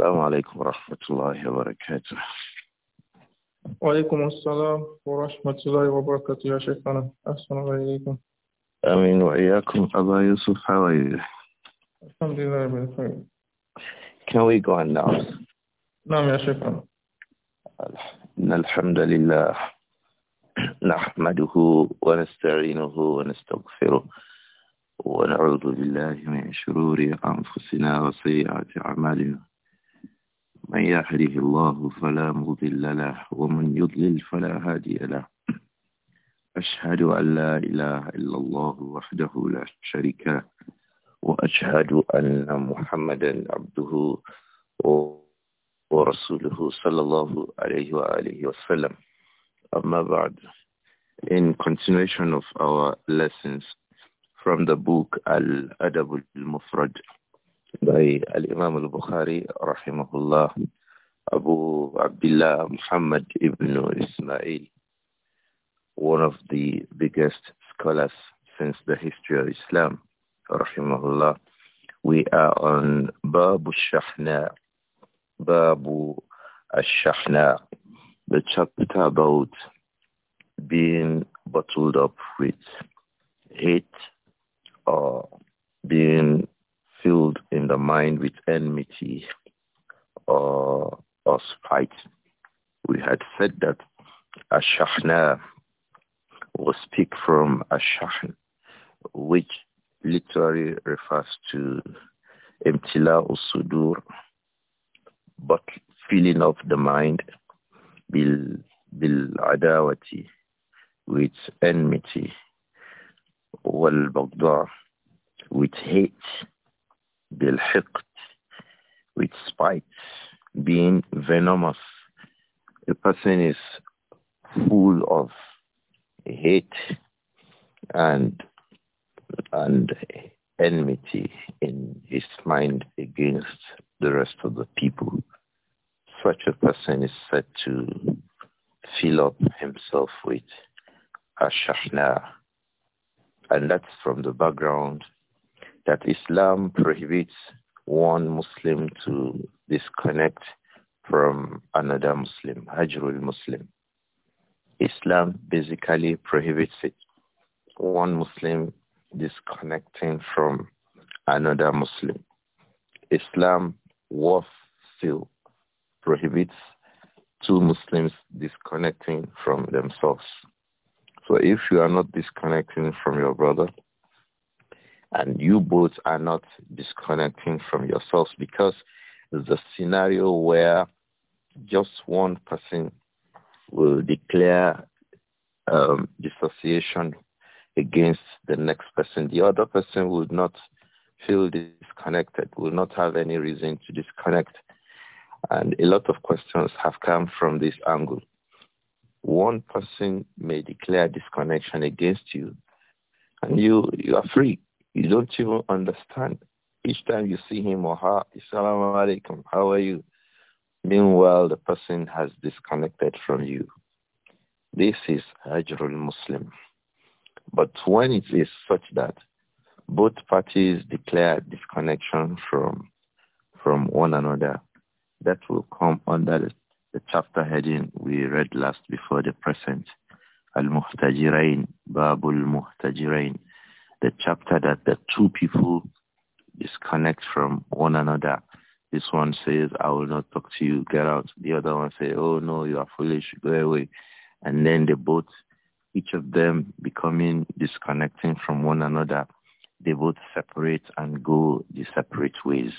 السلام عليكم ورحمة الله وبركاته وعليكم السلام ورحمة الله وبركاته يا شيخنا أحسن الله إليكم آمين وإياكم أبا يوسف how are you? الحمد لله بخير Can we go on now? نعم يا شيخنا إن الحمد لله نحمده ونستعينه ونستغفره ونعوذ بالله من شرور أنفسنا وسيئات أعمالنا من يهده الله فلا مضل له ومن يضلل فلا هادي له أشهد أن لا إله إلا الله وحده لا شريك له وأشهد أن محمدا عبده ورسوله صلى الله عليه وآله وسلم أما بعد In continuation of our lessons from the book Al-Adab al-Mufrad by Al-Imam al-Bukhari, rahimahullah, Abu Abdullah Muhammad ibn Ismail, one of the biggest scholars since the history of Islam, rahimahullah. We are on Babu Shahna, Babu Ash-Shahna, the chapter about being bottled up with hate or being filled in the mind with enmity or, or spite. We had said that ashahna will speak from ashahn, which literally refers to imtila usudur, but filling of the mind bil bil adawati with enmity wal baghdar with hate بالحقد, with spite, being venomous. A person is full of hate and and enmity in his mind against the rest of the people. Such a person is said to fill up himself with ashahna. And that's from the background that Islam prohibits one Muslim to disconnect from another Muslim, Hajrul Muslim. Islam basically prohibits it. One Muslim disconnecting from another Muslim. Islam was still prohibits two Muslims disconnecting from themselves. So if you are not disconnecting from your brother, and you both are not disconnecting from yourselves because the scenario where just one person will declare um, dissociation against the next person. The other person will not feel disconnected, will not have any reason to disconnect. And a lot of questions have come from this angle. One person may declare disconnection against you, and you, you are free. You don't even understand. Each time you see him or her, Assalamu alaikum, how are you? Meanwhile, the person has disconnected from you. This is Hajrul Muslim. But when it is such that both parties declare disconnection from from one another, that will come under the, the chapter heading we read last before the present. Al-Muhtajirain, Babul Muhtajirain, the chapter that the two people disconnect from one another. This one says, I will not talk to you, get out. The other one says, oh no, you are foolish, go away. And then they both, each of them becoming disconnecting from one another, they both separate and go the separate ways.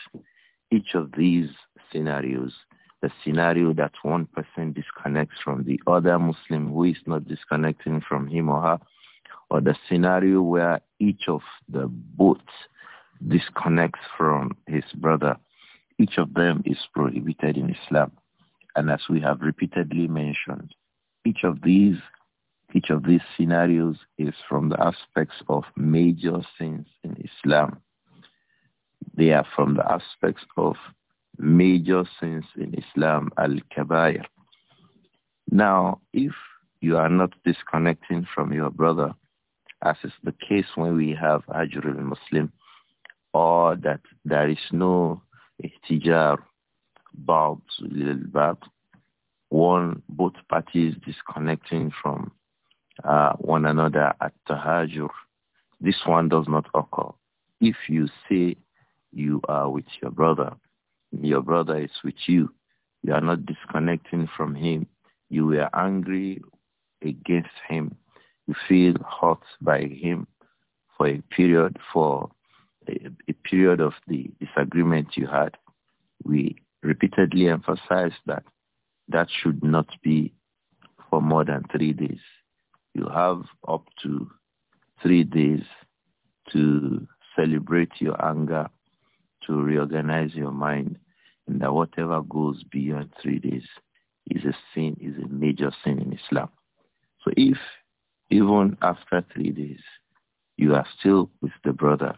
Each of these scenarios, the scenario that one person disconnects from the other Muslim who is not disconnecting from him or her, or the scenario where each of the boats disconnects from his brother. Each of them is prohibited in Islam. And as we have repeatedly mentioned, each of these each of these scenarios is from the aspects of major sins in Islam. They are from the aspects of major sins in Islam, al-kabair. Now, if you are not disconnecting from your brother, as is the case when we have Ajrul Muslim, or that there is no ihtijar, about would lil one, both parties disconnecting from uh, one another at tahajur. This one does not occur. If you say you are with your brother, your brother is with you, you are not disconnecting from him, you were angry against him, you feel hurt by him for a period, for a, a period of the disagreement you had. We repeatedly emphasize that that should not be for more than three days. You have up to three days to celebrate your anger, to reorganize your mind, and that whatever goes beyond three days is a sin, is a major sin in Islam. So if even after three days, you are still with the brother.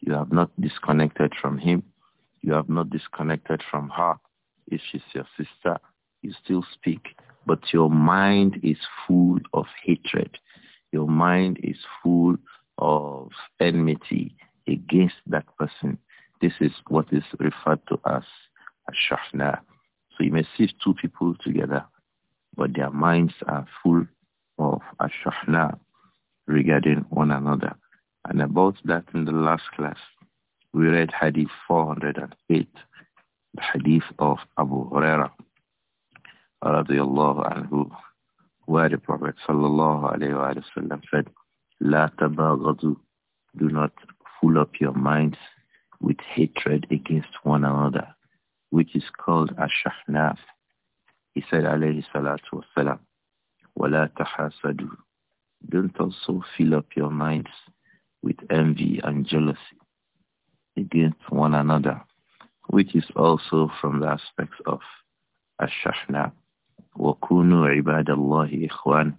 You have not disconnected from him. You have not disconnected from her. If she's your sister, you still speak, but your mind is full of hatred. Your mind is full of enmity against that person. This is what is referred to as a shahna. So you may see two people together, but their minds are full of Ashahna regarding one another. And about that in the last class, we read Hadith 408, the Hadith of Abu Huraira, radiallahu anhu, where the Prophet sallallahu alayhi wasallam said, لا tabaghadu, do not fool up your minds with hatred against one another, which is called ashahna. He said alayhi salatu wasalam, ولا tahasadu. تَحَاسَدُوا Don't also fill up your minds with envy and jealousy against one another, which is also from the aspects of ash-shahna. وَكُونُوا عِبَادَ اللَّهِ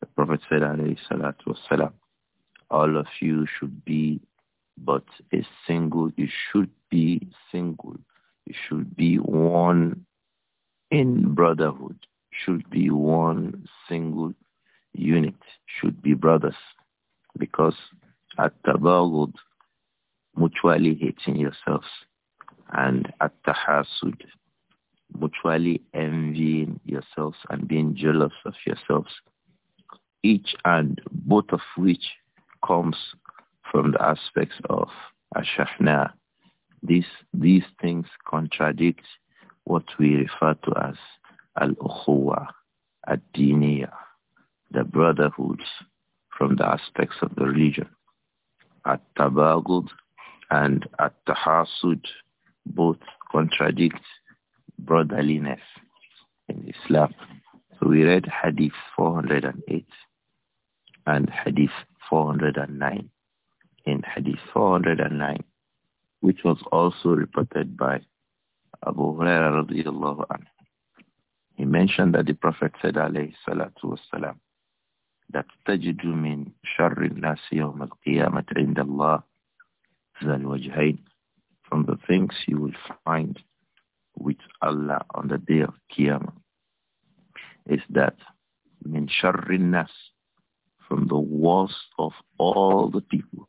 The Prophet said, alayhi salatu wasalam, all of you should be but a single, you should be single. You should be one in brotherhood should be one single unit, should be brothers. Because at tabagud, mutually hating yourselves. And at tahasud, mutually envying yourselves and being jealous of yourselves. Each and both of which comes from the aspects of ashahna. These, these things contradict what we refer to as al-ukhuwa, ad-diniya, the brotherhoods from the aspects of the religion, at-tabagud and at-tahasud, both contradict brotherliness in Islam. So we read Hadith 408 and Hadith 409. In Hadith 409, which was also reported by Abu Hurairah radiallahu anhu, he mentioned that the Prophet said, alayhi salatu wasalam, that تجد min sharri الناس al القيامة عند الله ذا from the things you will find with Allah on the day of Qiyamah is that min sharrinnas from the worst of all the people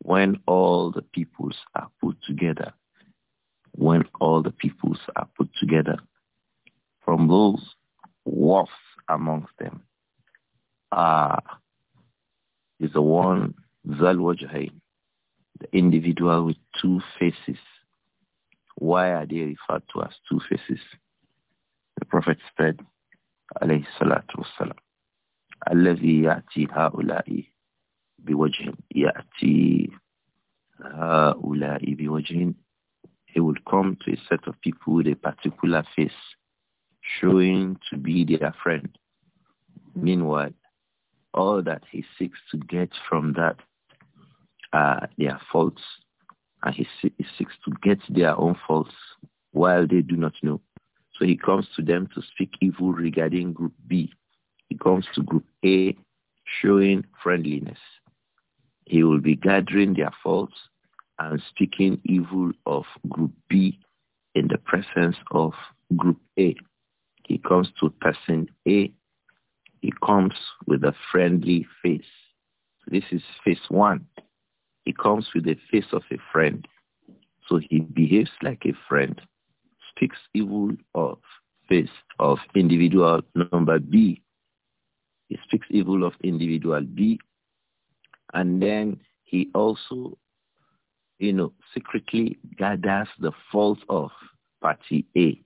when all the peoples are put together when all the peoples are put together from those worst amongst them is the one Zalwajahain, the individual with two faces. Why are they referred to as two faces? The Prophet said, alayhi salatu wassalam, الذي يأتي هؤلاء بوجه يأتي هؤلاء بوجه He will come to a set of people with a particular face showing to be their friend. Meanwhile, all that he seeks to get from that are their faults, and he, he seeks to get their own faults while they do not know. So he comes to them to speak evil regarding group B. He comes to group A showing friendliness. He will be gathering their faults and speaking evil of group B in the presence of group A. He comes to person A. He comes with a friendly face. This is face one. He comes with the face of a friend. So he behaves like a friend, speaks evil of face of individual number B. He speaks evil of individual B. And then he also, you know, secretly gathers the fault of party A.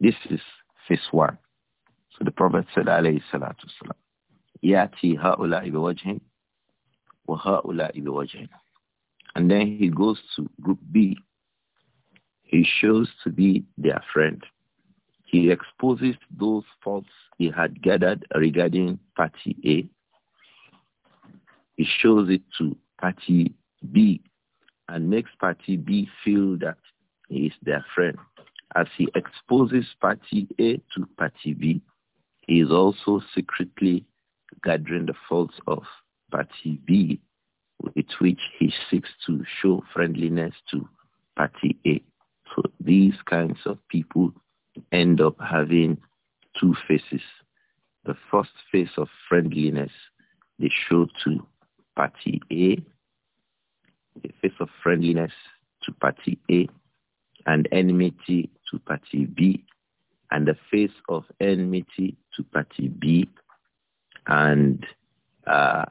This is face one. So the Prophet said, alayhi salatu wasalam, Yati ha'ula'i biwajhin wa ha'ula'i biwajhin. And then he goes to group B. He shows to be their friend. He exposes those faults he had gathered regarding party A. He shows it to party B and makes party B feel that he is their friend as he exposes party A to party B, he is also secretly gathering the faults of party B with which he seeks to show friendliness to party A. So these kinds of people end up having two faces. The first face of friendliness they show to party A, the face of friendliness to party A, and enmity to party B and the face of enmity to party B and uh,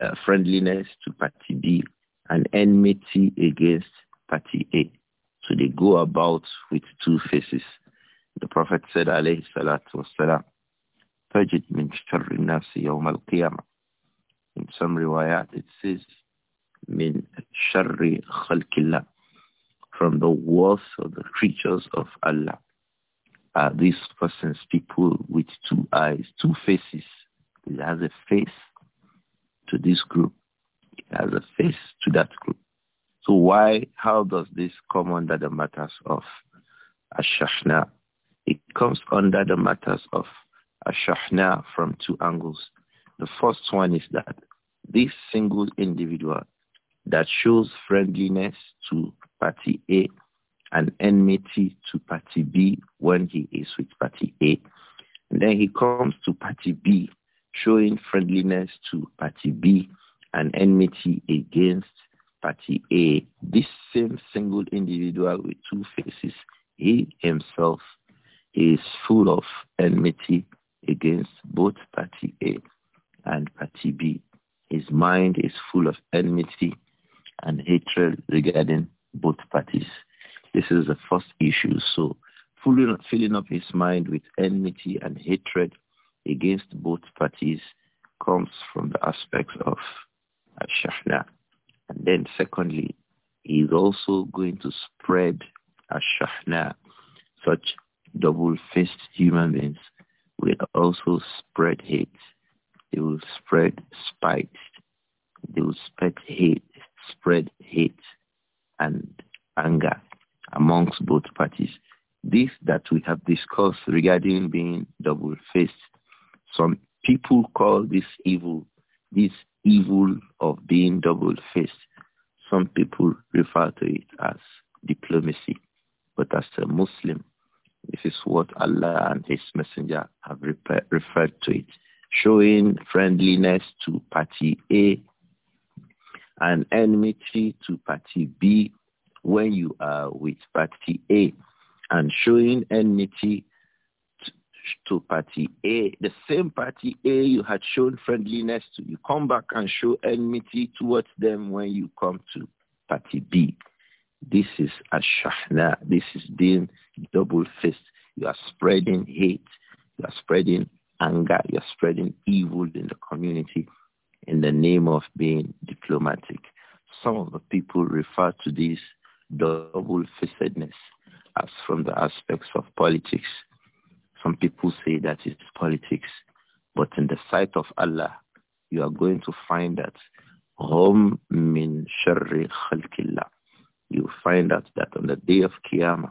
uh, friendliness to party B and enmity against party A. So they go about with two faces. The Prophet said, alayhi salatu wasalam, Fajid min sharri nafsi yawm al In some riwayat it says, min sharri khalqillah from the worst of the creatures of Allah are these persons, people with two eyes, two faces. It has a face to this group. It has a face to that group. So why, how does this come under the matters of Ashashna? It comes under the matters of Ashashna from two angles. The first one is that this single individual that shows friendliness to party A and enmity to party B when he is with party A. And then he comes to party B, showing friendliness to party B and enmity against party A. This same single individual with two faces, he himself is full of enmity against both party A and party B. His mind is full of enmity and hatred regarding both parties. This is the first issue. So filling up his mind with enmity and hatred against both parties comes from the aspects of Ashafna. And then secondly, he is also going to spread Ashafna. Such double-faced human beings will also spread hate. They will spread spite. They will spread hate, spread hate and anger amongst both parties. This that we have discussed regarding being double-faced. Some people call this evil, this evil of being double-faced. Some people refer to it as diplomacy. But as a Muslim, this is what Allah and His Messenger have referred to it. Showing friendliness to party A an enmity to party B when you are with party A and showing enmity to party A, the same party A you had shown friendliness to. You come back and show enmity towards them when you come to party B. This is shahna. This is being double faced You are spreading hate. You are spreading anger. You are spreading evil in the community in the name of being diplomatic. Some of the people refer to this double-facedness as from the aspects of politics. Some people say that it's politics, but in the sight of Allah, you are going to find that hum min sharri khalqillah. You find out that on the day of Qiyamah,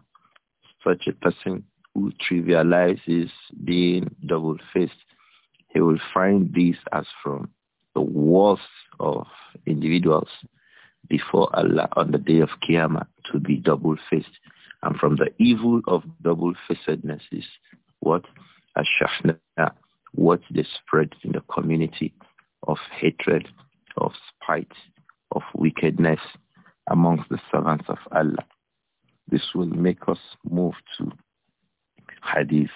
such a person who trivializes being double-faced, he will find this as from the worst of individuals before Allah on the day of Qiyamah to be double-faced. And from the evil of double-facedness is what? Ashashna, what they spread in the community of hatred, of spite, of wickedness amongst the servants of Allah. This will make us move to Hadith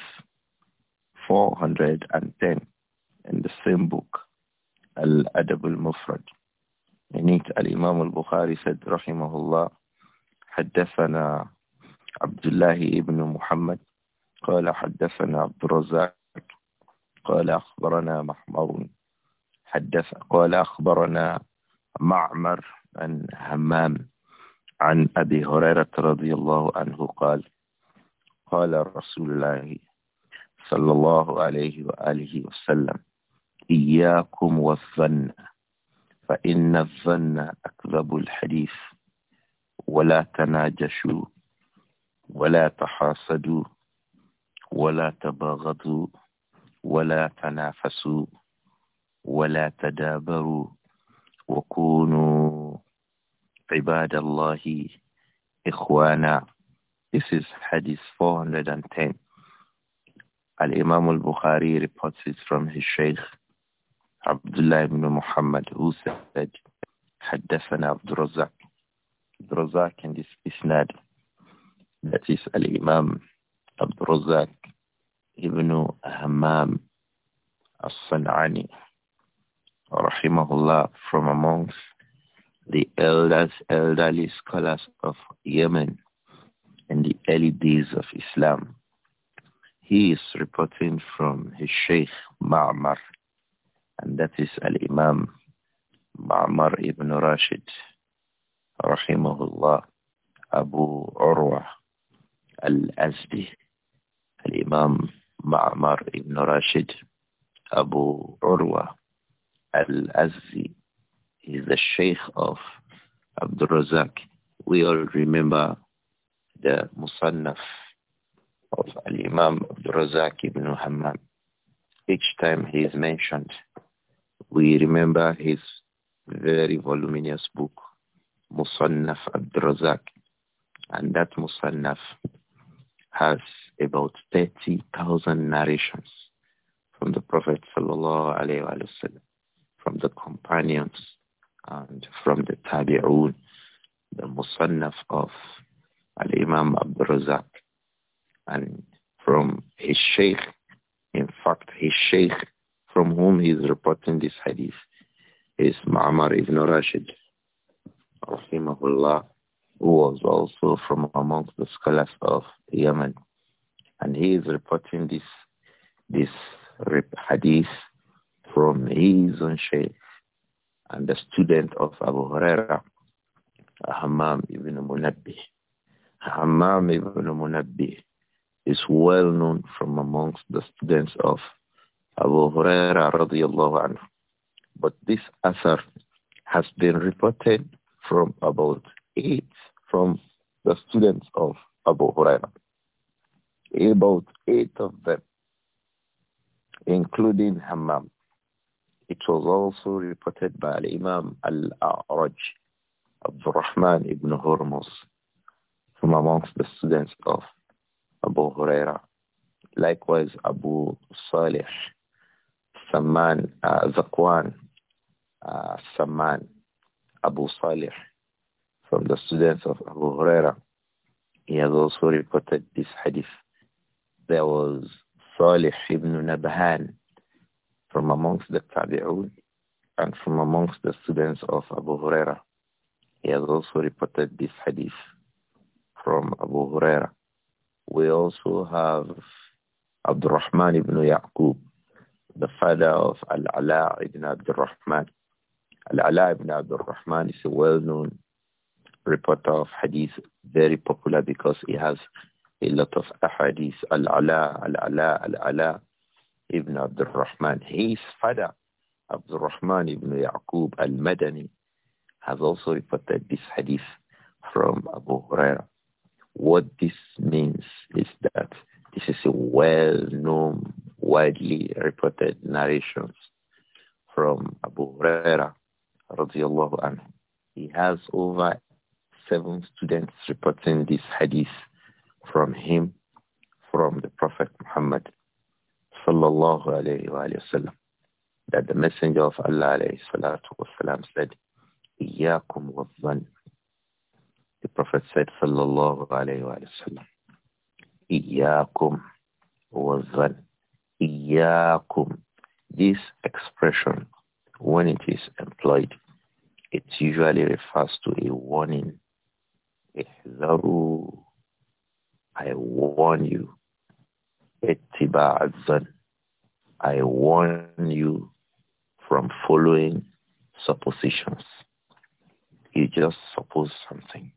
410 in the same book. الأدب المفرد يعني الإمام البخاري سد رحمه الله حدثنا عبد الله ابن محمد قال حدثنا عبد الرزاق قال أخبرنا محمر حدث قال أخبرنا معمر عن همام عن أبي هريرة رضي الله عنه قال قال رسول الله صلى الله عليه وآله وسلم إياكم والظن فإن الظن أكذب الحديث ولا تناجشوا ولا تحاسدوا ولا تباغضوا ولا تنافسوا ولا تدابروا وكونوا عباد الله إخوانا This is Hadith 410. Al-Imam al-Bukhari reports it from his Shaykh Abdullah ibn Muhammad who said حدثنا عبد الرزاق عبد الرزاق in isnad that is al-Imam عبد الرزاق ibn Hammam al-San'ani rahimahullah from amongst the elders, elderly scholars of Yemen in the early days of Islam. He is reporting from his Sheikh Ma'mar and that is Al-Imam Ma'mar ibn Rashid, rahimahullah, Abu Urwa al-Azdi, Al-Imam Ma'mar ibn Rashid, Abu Urwa al-Azdi, is the Sheikh of Abdul Razak. We all remember the Musannaf of Al-Imam Abdul Razak ibn Hammam. Each time he is mentioned, we remember his very voluminous book, Musannaf Abdurazak. And that Musannaf has about 30,000 narrations from the Prophet sallallahu from the companions and from the tabi'un, the Musannaf of Al-Imam Abdurazak. And from his sheikh, in fact, his sheikh from whom he is reporting this hadith is Ma'amar ibn Rashid, rahimahullah, who was also from amongst the scholars of Yemen. And he is reporting this, this hadith from his own sheikh and the student of Abu Huraira, Hammam ibn Munabbi. Hammam ibn Munabbi is well known from amongst the students of Abu Huraira radiallahu anhu. But this asar has been reported from about eight from the students of Abu Huraira. About eight of them, including Hammam. It was also reported by Imam Al-A'raj, Abdul Rahman ibn Hormuz, from amongst the students of Abu Huraira. Likewise, Abu Salih Saman, uh, Zakwan, uh, Saman, Abu Salih, from the students of Abu Huraira. He has also reported this hadith. There was Salih ibn Nabhan from amongst the Tabi'un and from amongst the students of Abu Huraira. He has also reported this hadith from Abu Huraira. We also have Abdurrahman ibn Yaqub the father of Al-Ala ibn Abdul Rahman. Al-Ala ibn Abdul Rahman is a well-known reporter of hadith, very popular because he has a lot of ahadith. Al-Ala, Al-Ala, Al-Ala ibn Abdul Rahman. His father, Abdul Rahman ibn Yaqub al-Madani, has also reported this hadith from Abu Huraira. What this means is that this is a well-known widely reported narrations from Abu Huraira radiallahu anhu. He has over seven students reporting this hadith from him, from the Prophet Muhammad sallallahu alayhi wa sallam, that the Messenger of Allah alayhi salatu wa said, Iyakum wazzan. The Prophet said sallallahu alayhi wa sallam, Iyakum wazzan. Iyakum. This expression, when it is employed, it usually refers to a warning. Ihzaru. I warn you. Ittiba'adzan. I warn you from following suppositions. You just suppose something.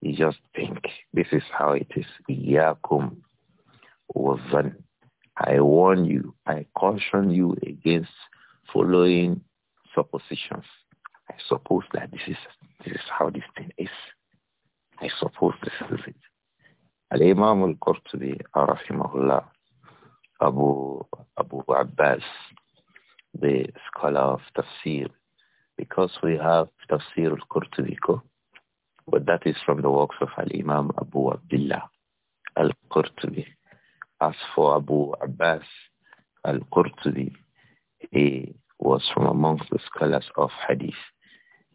You just think this is how it is. Iyakum wazan. I warn you, I caution you against following suppositions. I suppose that this is this is how this thing is. I suppose this is it. Al-Imam al-Qurtubi, rahimahullah, Abu, Abu Abbas, the scholar of tafsir, because we have tafsir al-Qurtubi, but that is from the works of Al-Imam Abu Abdullah al-Qurtubi. As for Abu Abbas al-Qurtubi, he was from amongst the scholars of Hadith.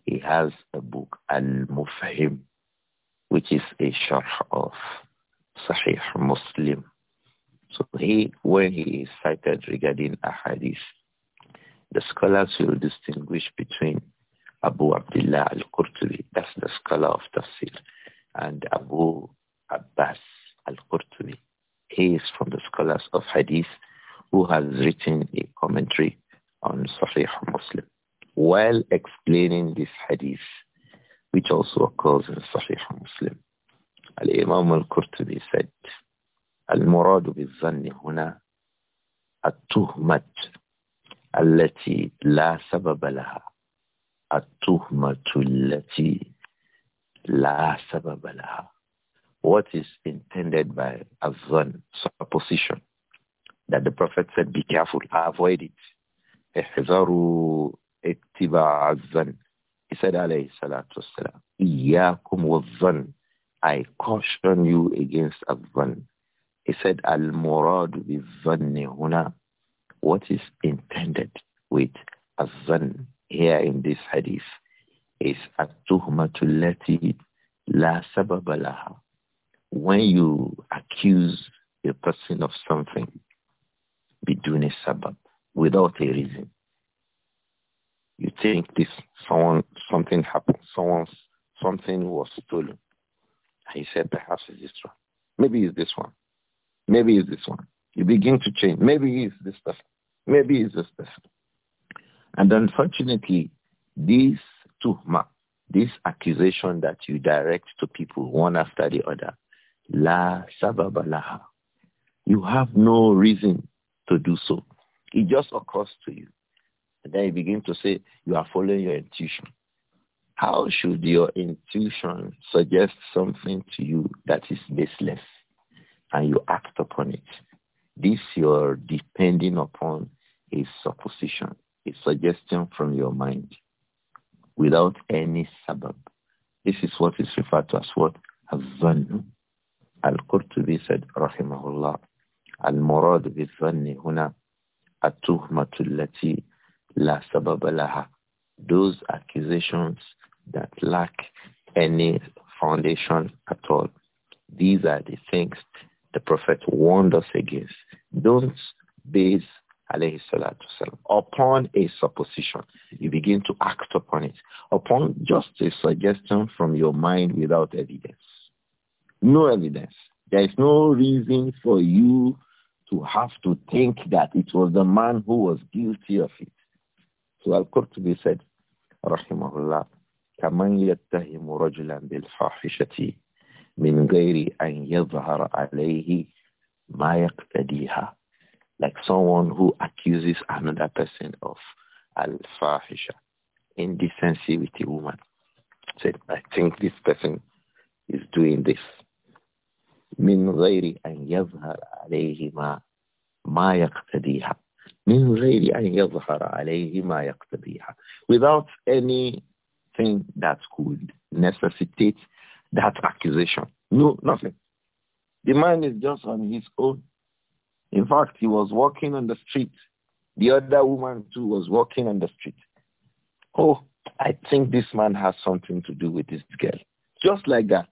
He has a book, al Mufahim, which is a sharh of Sahih Muslim. So he, when he is cited regarding a hadith, the scholars will distinguish between Abu Abdullah al-Qurtubi, that's the scholar of Tafsir, and Abu Abbas al-Qurtubi is from the scholars of hadith who has written a commentary on Sahih Muslim while explaining this hadith, which also occurs in Sahih Muslim. Al-Imam al-Qurtubi said, المراد بالظن هنا التهمة التي لا سبب لها التهمة التي لا سبب لها what is intended by azan, supposition, that the Prophet said, be careful, avoid it. احذروا اتباع الظن. He said, alayhi salatu wasalam, إياكم والظن. I caution you against azan. He said, al bi-dhanni What is intended with azan here in this hadith is at-tuhmatu lati la sababa laha when you accuse a person of something, be doing a sabbat without a reason. You think this someone something happened, someone something was stolen. He said perhaps it's this one. Maybe it's this one. Maybe it's this one. You begin to change. Maybe it's this person. Maybe it's this person. And unfortunately, this tuhma, this accusation that you direct to people one after the other, La sababalaha. You have no reason to do so. It just occurs to you. And then you begin to say you are following your intuition. How should your intuition suggest something to you that is baseless and you act upon it? This you're depending upon a supposition, a suggestion from your mind without any sabab. This is what is referred to as what? Hazan. Al-Qurtubi said, rahimahullah, المراد بالظن هنا التهمة التي لا سبب لها. Those accusations that lack any foundation at all. These are the things the Prophet warned us against. Don't base alayhi salatu salam, upon a supposition. You begin to act upon it, upon just a suggestion from your mind without evidence. No evidence. There is no reason for you to have to think that it was the man who was guilty of it. So Al-Qurtubi said, Rahimahullah, كَمَنْ يَتَّهِمُ رَجُلًا بِالْفَاحِشَةِ مِنْ غَيْرِ أَنْ يَظْهَرَ عَلَيْهِ مَا يَقْتَدِيهَا Like someone who accuses another person of al-fahisha, indecency with a woman. Said, I think this person is doing this. من غير أن يظهر عليهما ما من غير أن يظهر عليه ما without anything that could necessitate that accusation no nothing the man is just on his own in fact he was walking on the street the other woman too was walking on the street oh I think this man has something to do with this girl just like that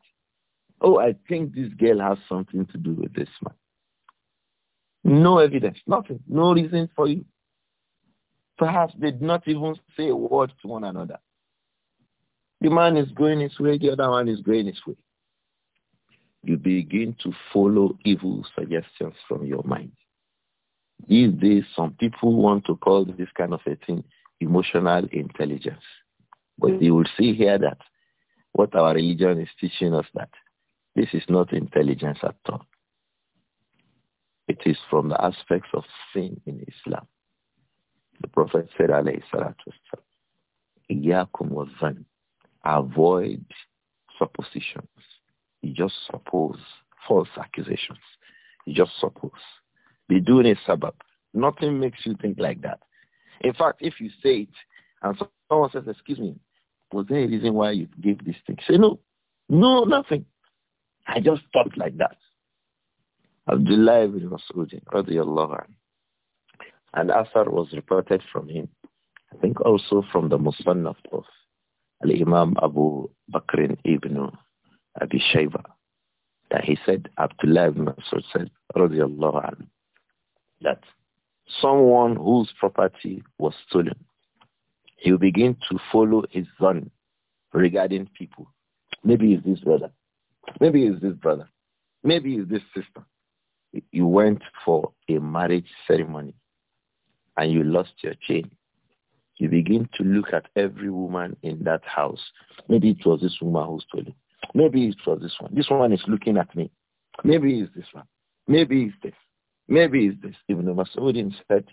oh, I think this girl has something to do with this man. No evidence, nothing, no reason for you. Perhaps they did not even say a word to one another. The man is going his way, the other one is going his way. You begin to follow evil suggestions from your mind. These days, some people want to call this kind of a thing emotional intelligence. But you will see here that what our religion is teaching us that this is not intelligence at all. It is from the aspects of sin in Islam. The Prophet said, alayhi salatu Iyakum Avoid suppositions. You just suppose false accusations. You just suppose. Be doing a sabab. Nothing makes you think like that. In fact, if you say it and someone says, excuse me, was there a reason why you gave this thing? Say no. No, nothing. I just stopped like that. Abdullah ibn Mas'ud, radiallahu anhu. And Asar was reported from him. I think also from the Musannaf of Al-Imam Abu Bakr ibn Abi Shayba. That he said, Abdullah ibn Mas'ud said, radiallahu anhu, that someone whose property was stolen, he'll begin to follow his son regarding people. Maybe it's this brother. Maybe it's this brother. Maybe it's this sister. You went for a marriage ceremony and you lost your chain. You begin to look at every woman in that house. Maybe it was this woman who stole it. Maybe it was this one. This one is looking at me. Maybe it's this one. Maybe it's this. Maybe it's this. Ibn Masudin said,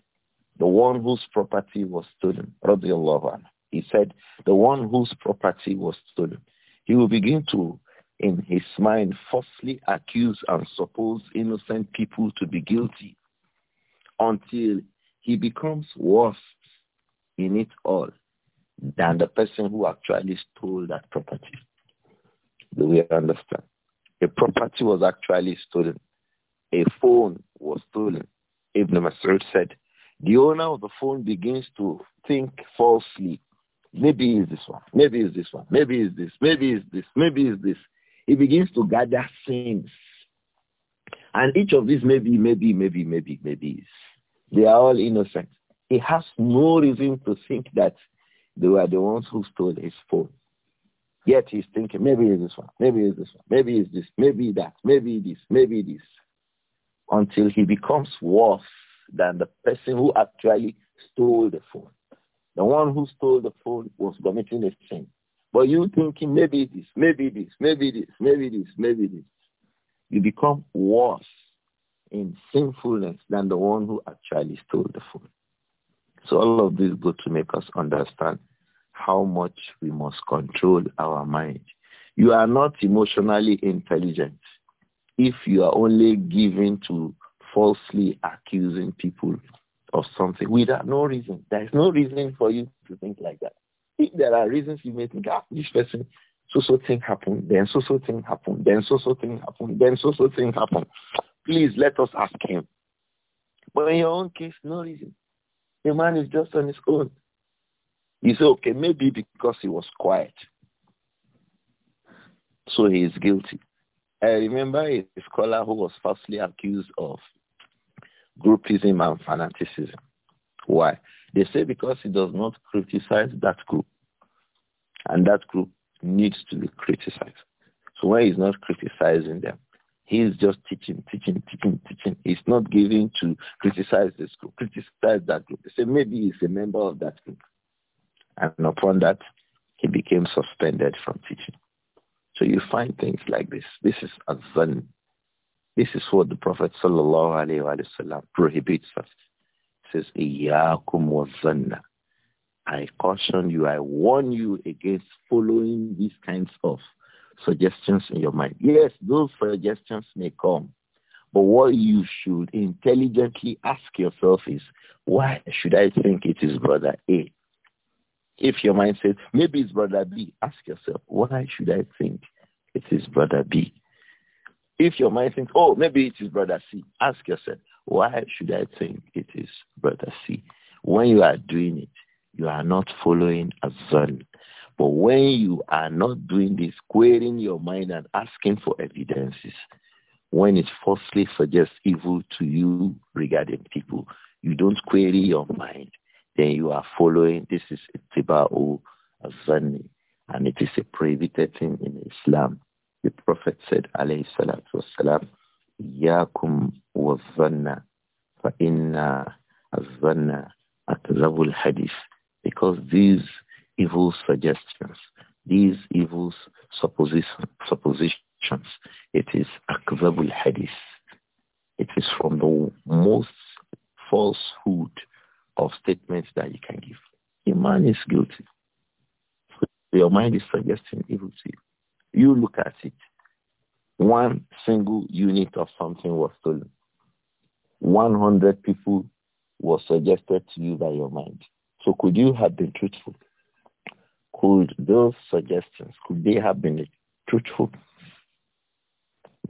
the one whose property was stolen, radiallahu anhu. He said, the one whose property was stolen. He will begin to in his mind falsely accuse and suppose innocent people to be guilty until he becomes worse in it all than the person who actually stole that property. Do we understand? A property was actually stolen. A phone was stolen. Ibn Masud said, the owner of the phone begins to think falsely. Maybe it's this one. Maybe it's this one. Maybe it's this. Maybe it's this. Maybe it's this. Maybe it's this he begins to gather sins. And each of these maybe, maybe, maybe, maybe, maybe. They are all innocent. He has no reason to think that they were the ones who stole his phone. Yet he's thinking, maybe it's this one, maybe it's this one, maybe it's this, maybe that, maybe this, maybe this. Until he becomes worse than the person who actually stole the phone. The one who stole the phone was committing a sin. But you thinking maybe this, maybe this, maybe this, maybe this, maybe this. You become worse in sinfulness than the one who actually stole the food. So all of this go to make us understand how much we must control our mind. You are not emotionally intelligent if you are only given to falsely accusing people of something without no reason. There is no reason for you to think like that. If there are reasons you may think, ah, this person, so-so thing happened, then so-so thing happened, then so-so thing happened, then so-so thing happened. Please let us ask him. But in your own case, no reason. The man is just on his own. You say, okay, maybe because he was quiet. So he is guilty. I remember a scholar who was falsely accused of groupism and fanaticism. Why? They say because he does not criticize that group, and that group needs to be criticized. So when he's not criticizing them, he's just teaching, teaching, teaching, teaching. He's not giving to criticize this group, criticize that group. They say maybe he's a member of that group. And upon that, he became suspended from teaching. So you find things like this. This is azan. This is what the Prophet sallallahu alaihi wasallam prohibits us says, Iyakum wazanna. I caution you, I warn you against following these kinds of suggestions in your mind. Yes, those suggestions may come. But what you should intelligently ask yourself is, why should I think it is brother A? If your mind says, maybe it's brother B, ask yourself, why should I think it is brother B? If your mind thinks, oh, maybe it is brother C, ask yourself, why should I think it is, brother? See, when you are doing it, you are not following a But when you are not doing this, querying your mind and asking for evidences, when it falsely suggests evil to you regarding people, you don't query your mind, then you are following. This is Tiba'u Azani, and it is a prohibited thing in Islam. The Prophet said, alayhi salatu wasalam, Iyakum والظن فإن الظن أكذب الحديث because these evil suggestions, these evil suppositions, it is akzabul hadith. It is from the most falsehood of statements that you can give. A man is guilty. your mind is suggesting evil to you. You look at it. One single unit of something was stolen. 100 people were suggested to you by your mind. So could you have been truthful? Could those suggestions, could they have been truthful?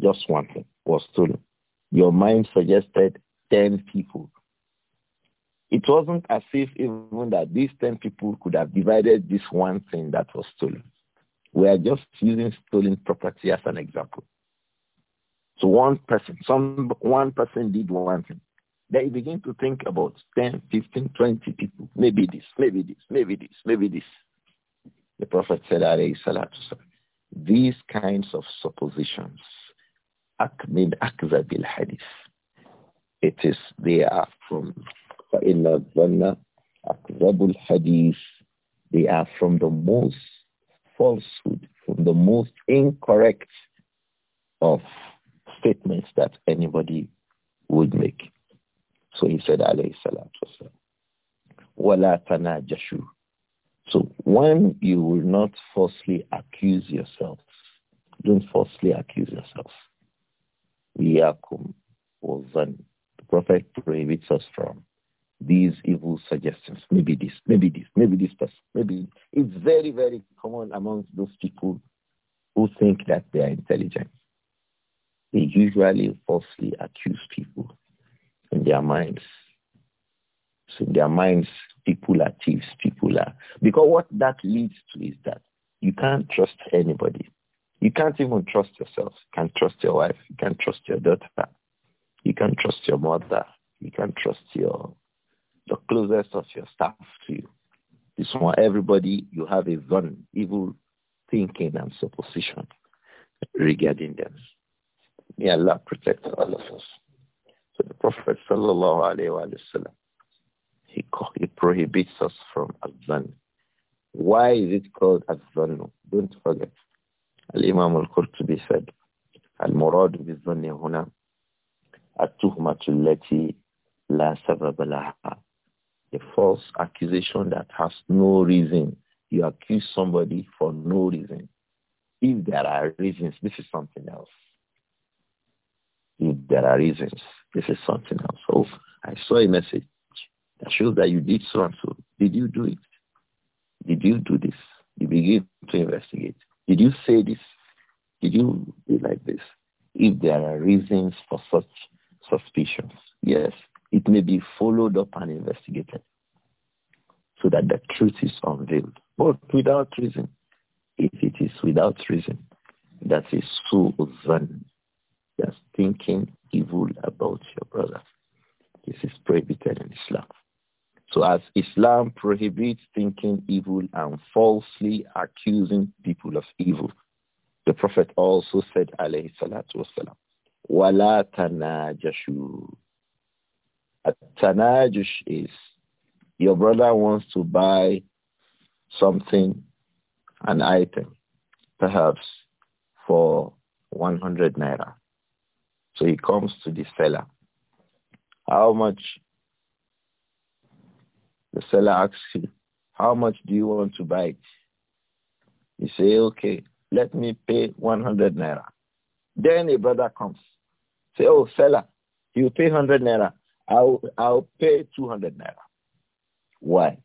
Just one thing was stolen. Your mind suggested 10 people. It wasn't as if even that these 10 people could have divided this one thing that was stolen. We are just using stolen property as an example. So one person, some one person did one thing. Then you begin to think about 10, 15, 20 people. Maybe this, maybe this, maybe this, maybe this. The Prophet said, these kinds of suppositions, akmin akzabil hadith, it is, they are from فَإِنَّ they are from the most falsehood, from the most incorrect of statements that anybody would make. So he said, alayhi salatu wasalam, wala tanajashu. So when you will not falsely accuse yourself, don't falsely accuse yourself. Iyakum wazan. The Prophet prohibits us from these evil suggestions. Maybe this, maybe this, maybe this person, maybe it's very, very common amongst those people who think that they are intelligent. They usually falsely accuse people in their minds. So in their minds, people are thieves, people are. Because what that leads to is that you can't trust anybody. You can't even trust yourself. You can't trust your wife. You can't trust your daughter. You can't trust your mother. You can't trust your the closest of your staff to you. This one, everybody, you have a gun, evil thinking and supposition regarding them. May Allah protect all of us. So the Prophet sallallahu alaihi wasallam, he, he prohibits us from adhan. Why is it called adhan? Don't forget. Al-Imam al-Qurtubi said, المراد بالظن هنا التهمة التي لا سبب لها a false accusation that has no reason. You accuse somebody for no reason. If there are reasons, this is something else if there are reasons. This is something else. I saw a message that shows that you did so and so. Did you do it? Did you do this? You begin to investigate. Did you say this? Did you be like this? If there are reasons for such suspicions, yes, it may be followed up and investigated so that the truth is unveiled. But without reason, if it is without reason, that is su'uzan, just thinking evil about your brother. This is prohibited in Islam. So as Islam prohibits thinking evil and falsely accusing people of evil, the Prophet also said, alayhi salatu wasalam, wala tanajashu. Tanajush is your brother wants to buy something, an item, perhaps for 100 naira. So he comes to the seller. How much? The seller asks him, how much do you want to buy He say, okay, let me pay 100 naira. Then a brother comes. Say, oh, seller, you pay 100 naira. I'll, I'll pay 200 naira. Why?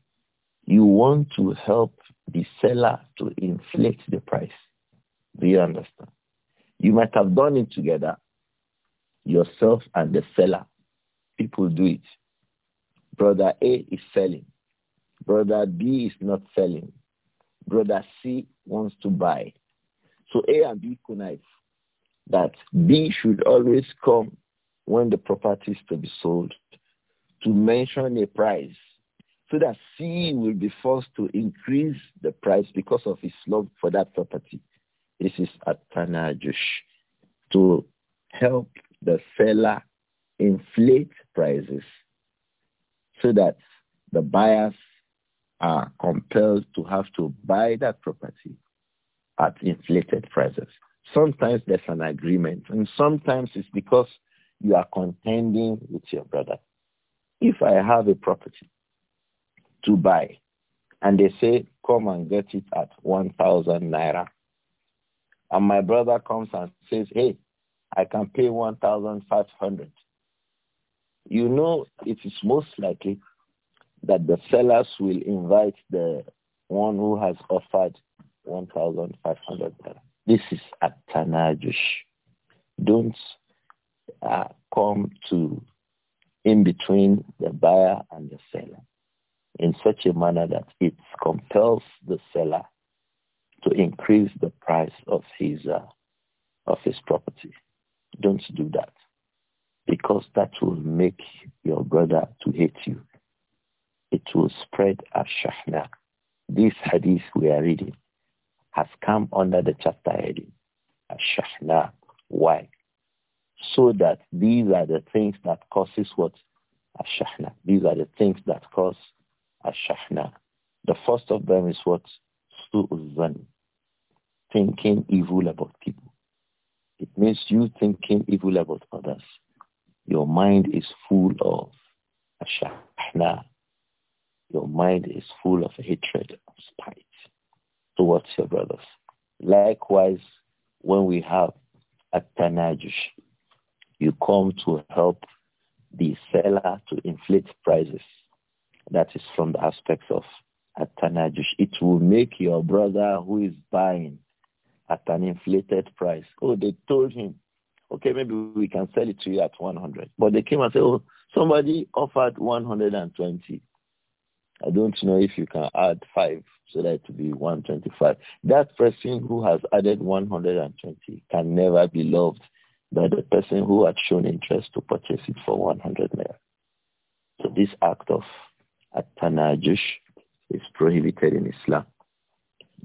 You want to help the seller to inflate the price. Do you understand? You might have done it together, yourself and the seller. People do it. Brother A is selling. Brother B is not selling. Brother C wants to buy. So A and B connive that B should always come when the property is to be sold to mention a price so that C will be forced to increase the price because of his love for that property. This is Atanajush to help the seller inflate prices so that the buyers are compelled to have to buy that property at inflated prices. Sometimes there's an agreement and sometimes it's because you are contending with your brother. If I have a property to buy and they say, come and get it at 1,000 naira, and my brother comes and says, hey, I can pay 1,500. You know, it is most likely that the sellers will invite the one who has offered 1,500. This is at Don't uh, come to in between the buyer and the seller in such a manner that it compels the seller to increase the price of his uh, of his property. Don't do that because that will make your brother to hate you. It will spread as shahna. This hadith we are reading has come under the chapter heading as shahna. Why? So that these are the things that causes what? Ashahna. These are the things that cause Ashahna. The first of them is what? Su'uzan. Thinking evil about people. It means you thinking evil about others. Your mind is full of ashahna. Your mind is full of hatred, and spite towards your brothers. Likewise, when we have a tanajush, you come to help the seller to inflate prices. That is from the aspects of atanajush. It will make your brother who is buying at an inflated price. Oh, they told him, okay, maybe we can sell it to you at 100. But they came and said, oh, somebody offered 120. I don't know if you can add five so that to be 125. That person who has added 120 can never be loved by the person who had shown interest to purchase it for 100 naira. So this act of atanajush is prohibited in Islam.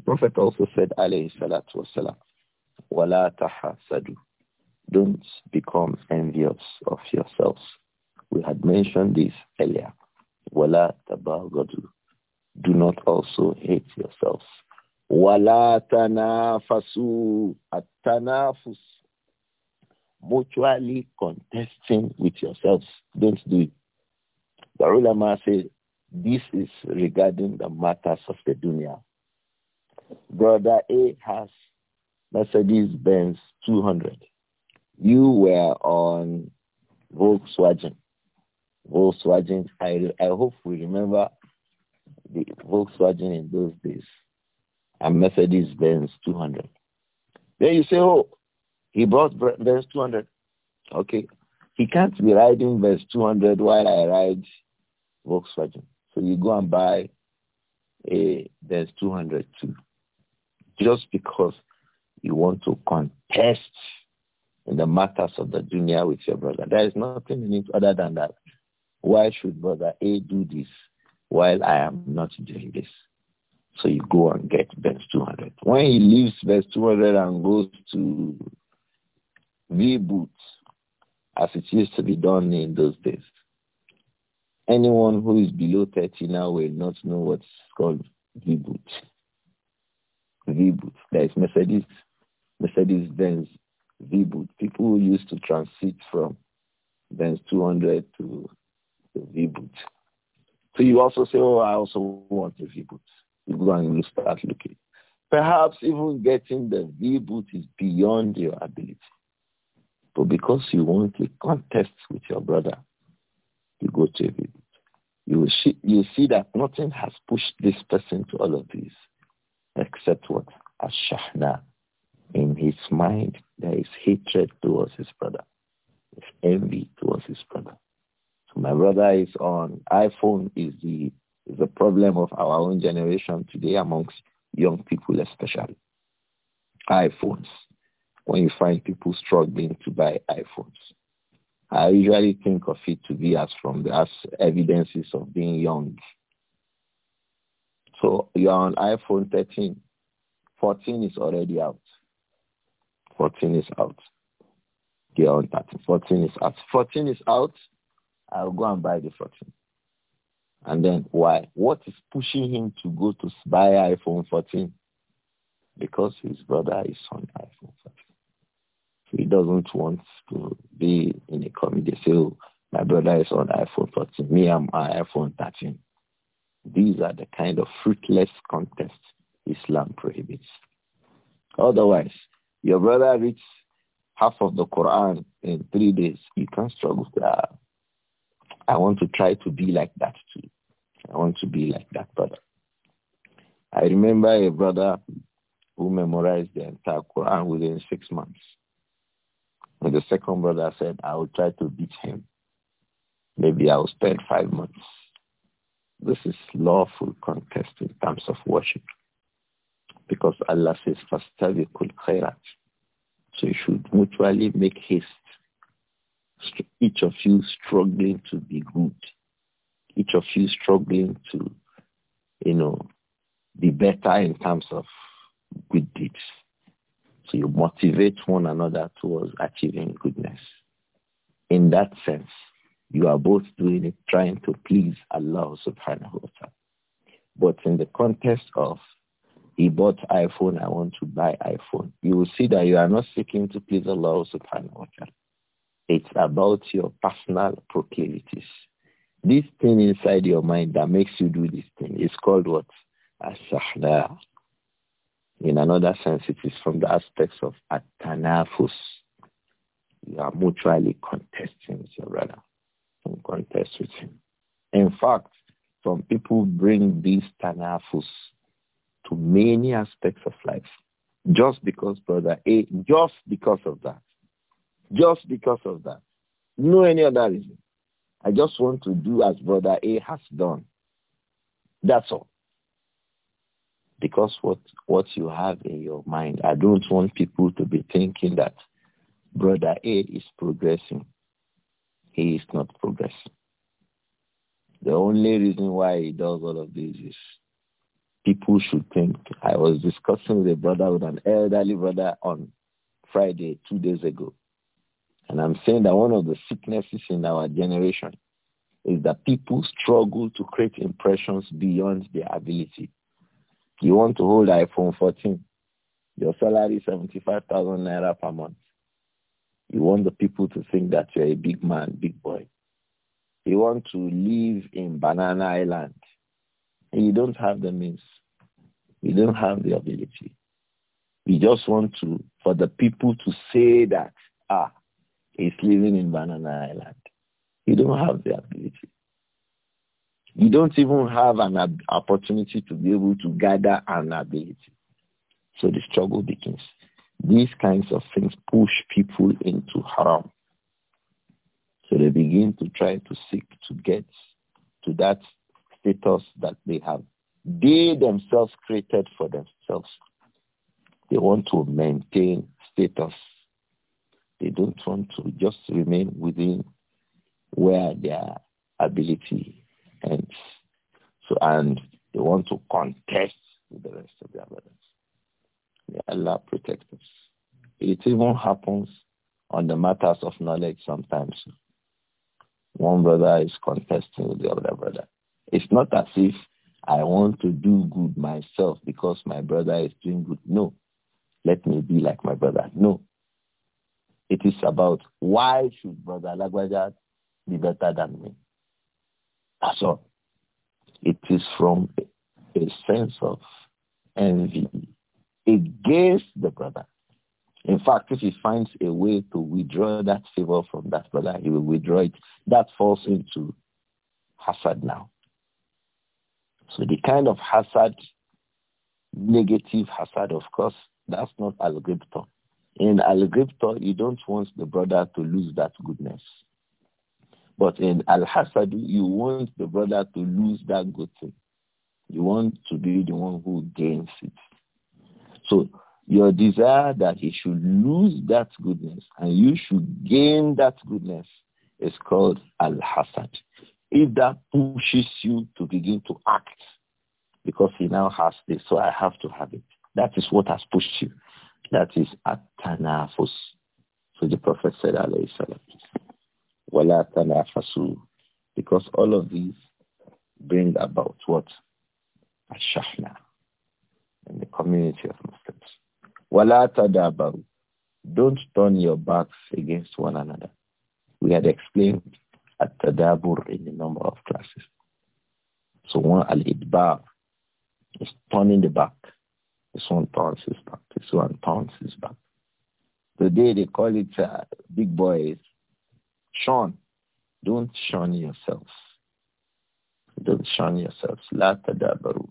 Prophet also said, alayhi salatu wasalam, wala tahasadu. Don't become envious of yourselves. We had mentioned this earlier. Wala tabagadu. Do not also hate yourselves. Wala tanafasu. atanafus. Mutually contesting with yourselves. Don't do it. The ulama said, this is regarding the matters of the dunya. Brother A has Mercedes-Benz 200. You were on Volkswagen. Volkswagen, I, I hope we remember the Volkswagen in those days. And Mercedes-Benz 200. Then you say, oh, he bought Benz 200. Okay. He can't be riding Benz 200 while I ride Volkswagen. So you go and buy a Benz 200 too just because you want to contest in the matters of the junior with your brother. There is nothing in it other than that. Why should brother A do this while I am not doing this? So you go and get verse 200. When he leaves verse 200 and goes to V boot as it used to be done in those days, anyone who is below 30 now will not know what's called V boot Vibut. There is Mercedes, Mercedes-Benz Vibut. People used to transit from Benz 200 to the Vibut. So you also say, oh, I also want the v You go and you start looking. Perhaps even getting the V-boot is beyond your ability. But because you want to contest with your brother, you go to a V-boot. You see, you see that nothing has pushed this person to all of this except what? Ashahna. In his mind, there is hatred towards his brother. There's envy towards his brother. So my brother is on iPhone is the is the problem of our own generation today amongst young people especially. iPhones. When you find people struggling to buy iPhones. I usually think of it to be as from the as evidences of being young so you're on iPhone 13. 14 is already out. 14 is out. You're on 13. 14 is out. 14 is out. I'll go and buy the 14. And then why? What is pushing him to go to buy iPhone 14? Because his brother is on iPhone 14. So he doesn't want to be in a committee. So oh, my brother is on iPhone 14. Me, I'm on iPhone 13. These are the kind of fruitless contests Islam prohibits. Otherwise, your brother reads half of the Quran in three days. You can struggle. there. Ah, I want to try to be like that too. I want to be like that brother. I remember a brother who memorized the entire Quran within six months. And the second brother said, I will try to beat him. Maybe I will spend five months. This is lawful contest in terms of worship. Because Allah says, فَاسْتَبِقُوا khairat. So you should mutually make haste. Each of you struggling to be good. Each of you struggling to, you know, be better in terms of good deeds. So you motivate one another towards achieving goodness. In that sense, you are both doing it trying to please Allah subhanahu wa ta'ala. But in the context of he bought iPhone, I want to buy iPhone, you will see that you are not seeking to please Allah subhanahu wa ta'ala. It's about your personal proclivities. This thing inside your mind that makes you do this thing is called what? Asahla. In another sense, it is from the aspects of atanafus. You are mutually contesting with your brother contest with him. In fact, some people bring these tanafus to many aspects of life just because brother A, just because of that. Just because of that. No any other reason. I just want to do as brother A has done. That's all. Because what, what you have in your mind, I don't want people to be thinking that brother A is progressing he is not progressing. The only reason why he does all of this is people should think. I was discussing with a brother, with an elderly brother on Friday, two days ago. And I'm saying that one of the sicknesses in our generation is that people struggle to create impressions beyond their ability. You want to hold iPhone 14, your salary is 75,000 naira per month. You want the people to think that you're a big man, big boy. You want to live in Banana Island. And you don't have the means. You don't have the ability. You just want to, for the people to say that, ah, he's living in Banana Island. You don't have the ability. You don't even have an opportunity to be able to gather an ability. So the struggle begins. These kinds of things push people into haram. So they begin to try to seek to get to that status that they have. They themselves created for themselves. They want to maintain status. They don't want to just remain within where their ability ends. So, and they want to contest with the rest of their brothers. Allah protect us. It even happens on the matters of knowledge sometimes. One brother is contesting with the other brother. It's not as if I want to do good myself because my brother is doing good. No. Let me be like my brother. No. It is about why should brother Lagwaja be better than me? That's all. It is from a sense of envy against the brother. In fact, if he finds a way to withdraw that favor from that brother, he will withdraw it. That falls into hazard now. So the kind of hazard, negative hazard, of course, that's not al -Griptor. In al you don't want the brother to lose that goodness. But in Al-Hasad, you want the brother to lose that good thing. You want to be the one who gains it. So your desire that he should lose that goodness and you should gain that goodness is called al-hasad. If that pushes you to begin to act because he now has this, so I have to have it. That is what has pushed you. That is at-tanafus. So the Prophet said, alayhi salam, wala tanafasu. Because all of these bring about what? Ashahna in the community of Muslims. Wala tadabaru. Don't turn your backs against one another. We had explained at tadabur in a number of classes. So one al-idbar is turning the back. This one turns his back. This one turns his back. Today they call it uh, big boys. Shun. Don't shun yourselves. Don't shun yourselves. La tadabaru.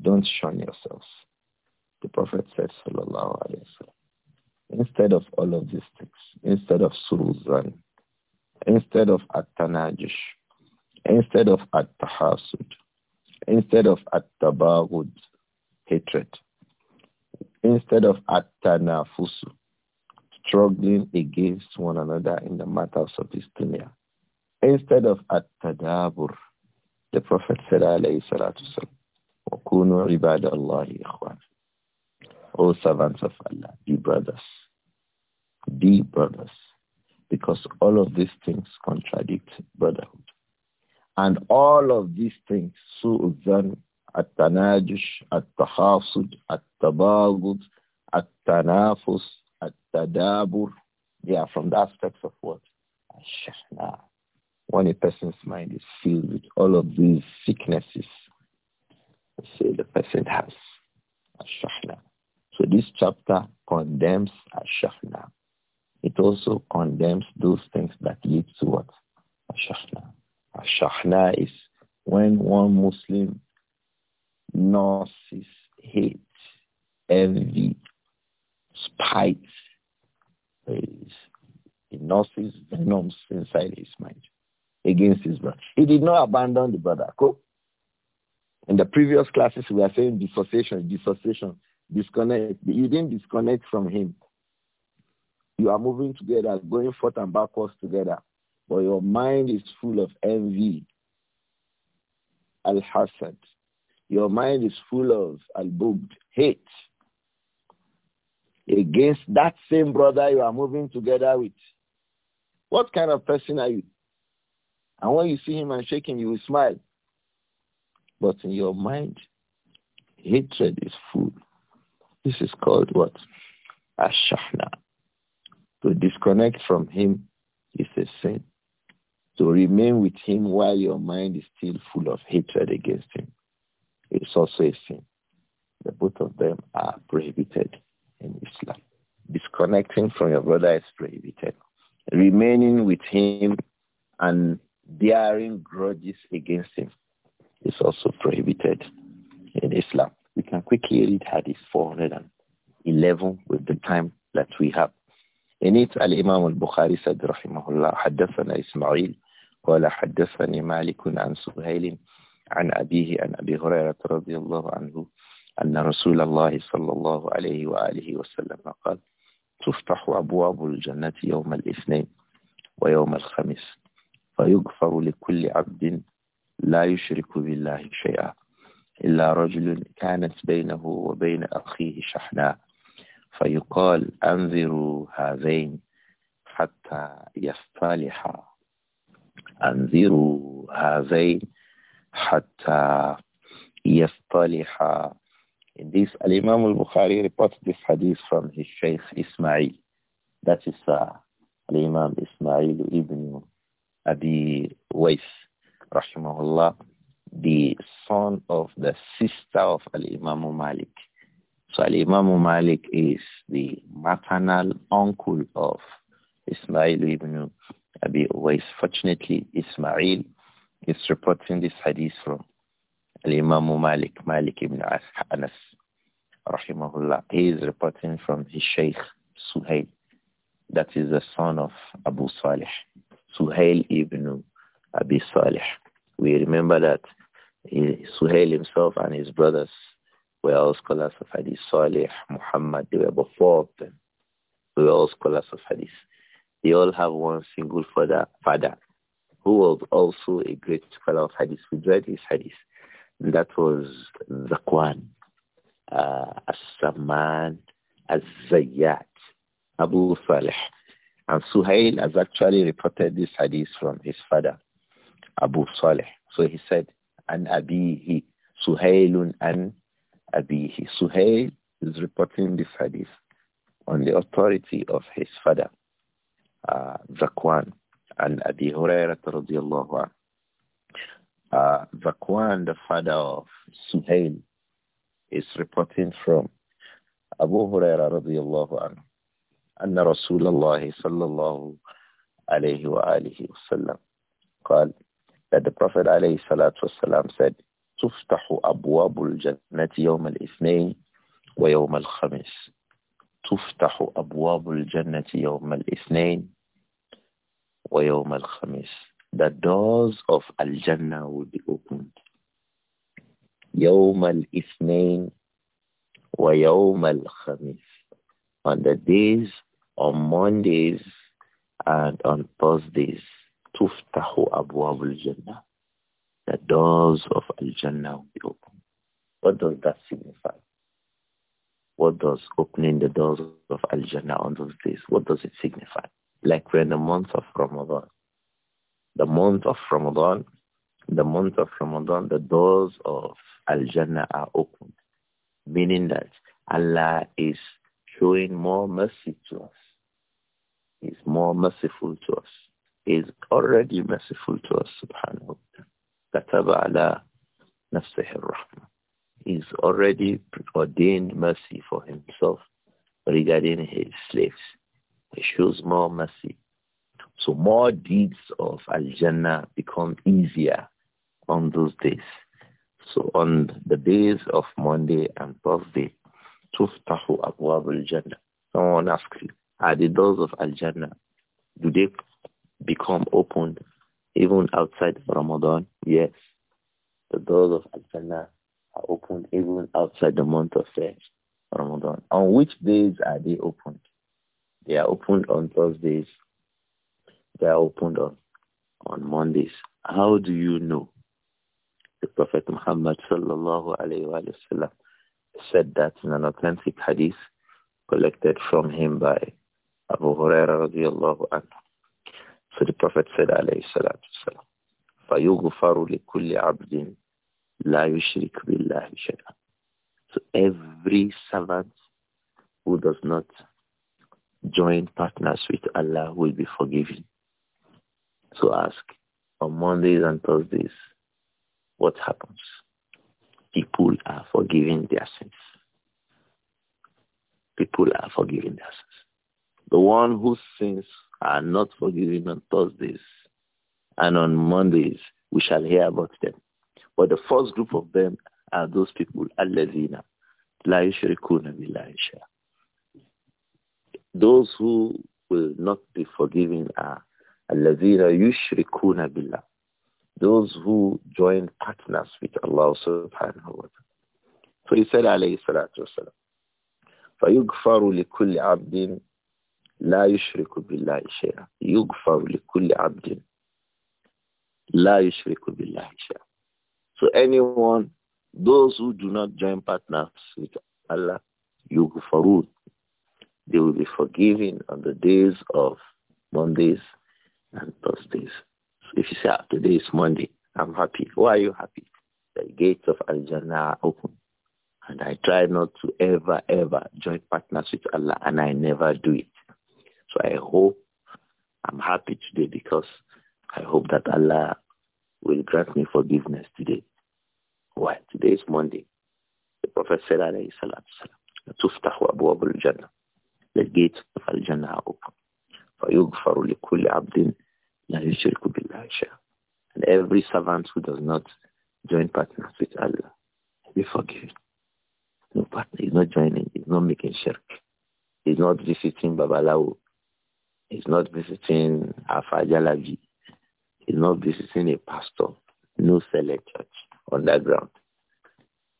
Don't shun yourselves. The Prophet said, Sallallahu Alaihi Wasallam, instead of all of these things, instead of Suruzan, instead of At-Tanajish, instead of At-Tahasud, instead of At-Tabagud, hatred, instead of At-Tanafusu, struggling against one another in the matters of this dunya, instead of At-Tadabur, the Prophet said, alayhi salatu salam, وَكُونُوا عِبَادَ اللَّهِ O servants of Allah, be brothers. Be brothers. Because all of these things contradict brotherhood. And all of these things, سُؤْذَنْ التناجش التحاصد التباغض التنافس التدابر they are from the aspects of what الشحناء when a person's mind is filled with all of these sicknesses so the person has ashahna. So this chapter condemns ashahna. It also condemns those things that lead to what? Ashahna. Ashahna is when one Muslim nurses hate, envy, spite. He nurses venoms inside his mind against his brother. He did not abandon the brother. Cool? In the previous classes, we are saying dissociation, dissociation, disconnect. You didn't disconnect from him. You are moving together, going forth and backwards together, but your mind is full of envy, al-hasad. Your mind is full of al hate against that same brother you are moving together with. What kind of person are you? And when you see him and shake him, you will smile. But in your mind, hatred is full. This is called what? Ashahna. To disconnect from him is a sin. To remain with him while your mind is still full of hatred against him is also a sin. The both of them are prohibited in Islam. Disconnecting from your brother is prohibited. Remaining with him and bearing grudges against him is also prohibited in Islam. We can quickly read Hadith 411 with the time that we have. In it, Al-Imam bukhari said, Rahimahullah, Haddathana Ismail, Qala Haddathani Malikun an Suhailin, an Abihi an Abi Hurairah radiallahu anhu, أن رسول الله صلى الله عليه وآله وسلم قال تفتح أبواب الجنة يوم الاثنين ويوم الخميس فيغفر لكل عبد لا يشرك بالله شيئا إلا رجل كانت بينه وبين أخيه شحناء فيقال أنذروا هذين حتى يصطلحا أنذروا هذين حتى يصطلحا In this, Al-Imam al-Bukhari reports this hadith from his Shaykh Ismail. That is uh, Al-Imam Ismail ibn Abi Wais. rahimahullah, the son of the sister of Al-Imam Malik. So Al-Imam Malik is the maternal uncle of Ismail ibn Abi Uwais. Fortunately, Ismail is reporting this hadith from Al-Imam Malik, Malik ibn Anas, rahimahullah. He is reporting from his sheikh, Suhail. That is the son of Abu Salih, Suhail ibn Abi Salih. We remember that Suhail himself and his brothers were all scholars of Hadith. Salih, Muhammad, they were both four of them. They were all scholars of Hadith. They all have one single father, father who was also a great scholar of Hadith. with read his Hadith. That was Zakwan, uh, As-Saman, As-Zayyat, Abu Salih. And Suhail has actually reported this Hadith from his father. Abu Saleh. So he said, an abihi, suhailun an abihi. Suhail is reporting this hadith on the authority of his father, uh, Zakwan, and Abi Hurairah radiallahu anhu. Uh, Zakwan, the father of Suhail, is reporting from Abu Hurairah radiallahu anhu. أن رسول الله صلى الله عليه وآله وسلم قال that the Prophet alayhi said, تفتح أبواب الجنة يوم الاثنين ويوم الخميس yom al الجنة The doors of Al-Jannah will be opened wa yom al khamis. On the days, on Mondays and on Thursdays tuftahu Abu al-jannah. The doors of al-jannah will be open. What does that signify? What does opening the doors of al-jannah on those days, what does it signify? Like we're in the month of Ramadan. The month of Ramadan, the month of Ramadan, the doors of al-jannah are opened. Meaning that Allah is showing more mercy to us. He's more merciful to us is already merciful to us, subhanahu Kataba ala He's already ordained mercy for himself regarding his slaves. He shows more mercy. So more deeds of Al-Jannah become easier on those days. So on the days of Monday and Thursday, Tuftahu Abwab Al-Jannah. Someone asks you, are the doors of Al-Jannah, do they become open even outside Ramadan? Yes. The doors of Al-Jannah are opened even outside the month of Ramadan. On which days are they opened? They are opened on Thursdays. They are opened on, on Mondays. How do you know? The Prophet Muhammad sallallahu alayhi wa said that in an authentic hadith collected from him by Abu Huraira radiallahu anhu. So the Prophet said, alayhi salatu فَيُغْفَرُ لِكُلِّ عَبْدٍ لَا يُشْرِكْ بِاللَّهِ شَيْئًا So every servant who does not join partners with Allah will be forgiven. So ask, on Mondays and Thursdays, what happens? People are forgiving their sins. People are forgiving their sins. The one whose sins are not forgiven on Thursdays and on Mondays. We shall hear about them. But the first group of them are those people, Allazina, La Yushrikuna Bilaisha. Those who will not be forgiven are Allazina Yushrikuna Billah. Those who join partners with Allah subhanahu wa ta'ala. So he said alayhi salatu wasalam, فَيُغْفَرُ لِكُلِّ عَبْدٍ لا يشرك بالله شيئا يغفر لكل عبد لا يشرك بالله شيئا So anyone, those who do not join partners with Allah, they will be forgiven on the days of Mondays and Thursdays. So if you say, ah, today is Monday, I'm happy. Why are you happy? The gates of Al-Jannah are open. And I try not to ever, ever join partners with Allah, and I never do it. So I hope I'm happy today because I hope that Allah will grant me forgiveness today. Why? Today is Monday. The Prophet said, alayhi salatu salam, تُفْتَحُ أَبْوَابُ The gate of Al-Jannah open. فَيُغْفَرُ لِكُلِّ عَبْدٍ لَا يُشْرِكُ بِاللَّهِ شَيْئًا And every servant who does not join partners with Allah, be forgiven. No partner is not joining, is not making shirk, is not visiting Babalawo, He's not visiting Afajalaji. He's not visiting a pastor. No select church underground.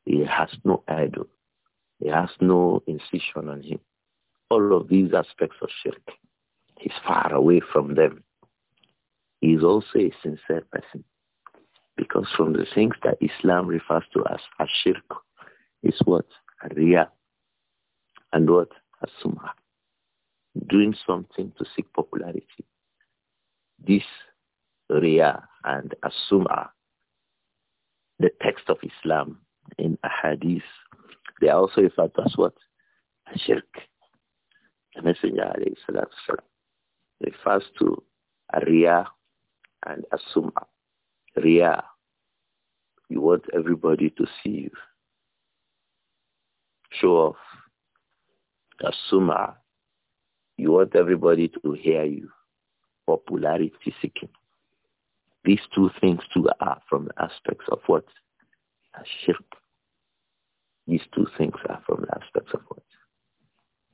He has no idol. He has no incision on him. All of these aspects of shirk, he's far away from them. He is also a sincere person because from the things that Islam refers to as ashirk is what? Riyah and what? Asumah doing something to seek popularity. This Ria and Asuma, the text of Islam in hadith, they are also referred to as what? Shirk. The Messenger والسلام, refers to Ria and Asuma. Ria, you want everybody to see you. Show off. Asuma, you want everybody to hear you. Popularity seeking. These two things too are from the aspects of what? a Shirk. These two things are from the aspects of what?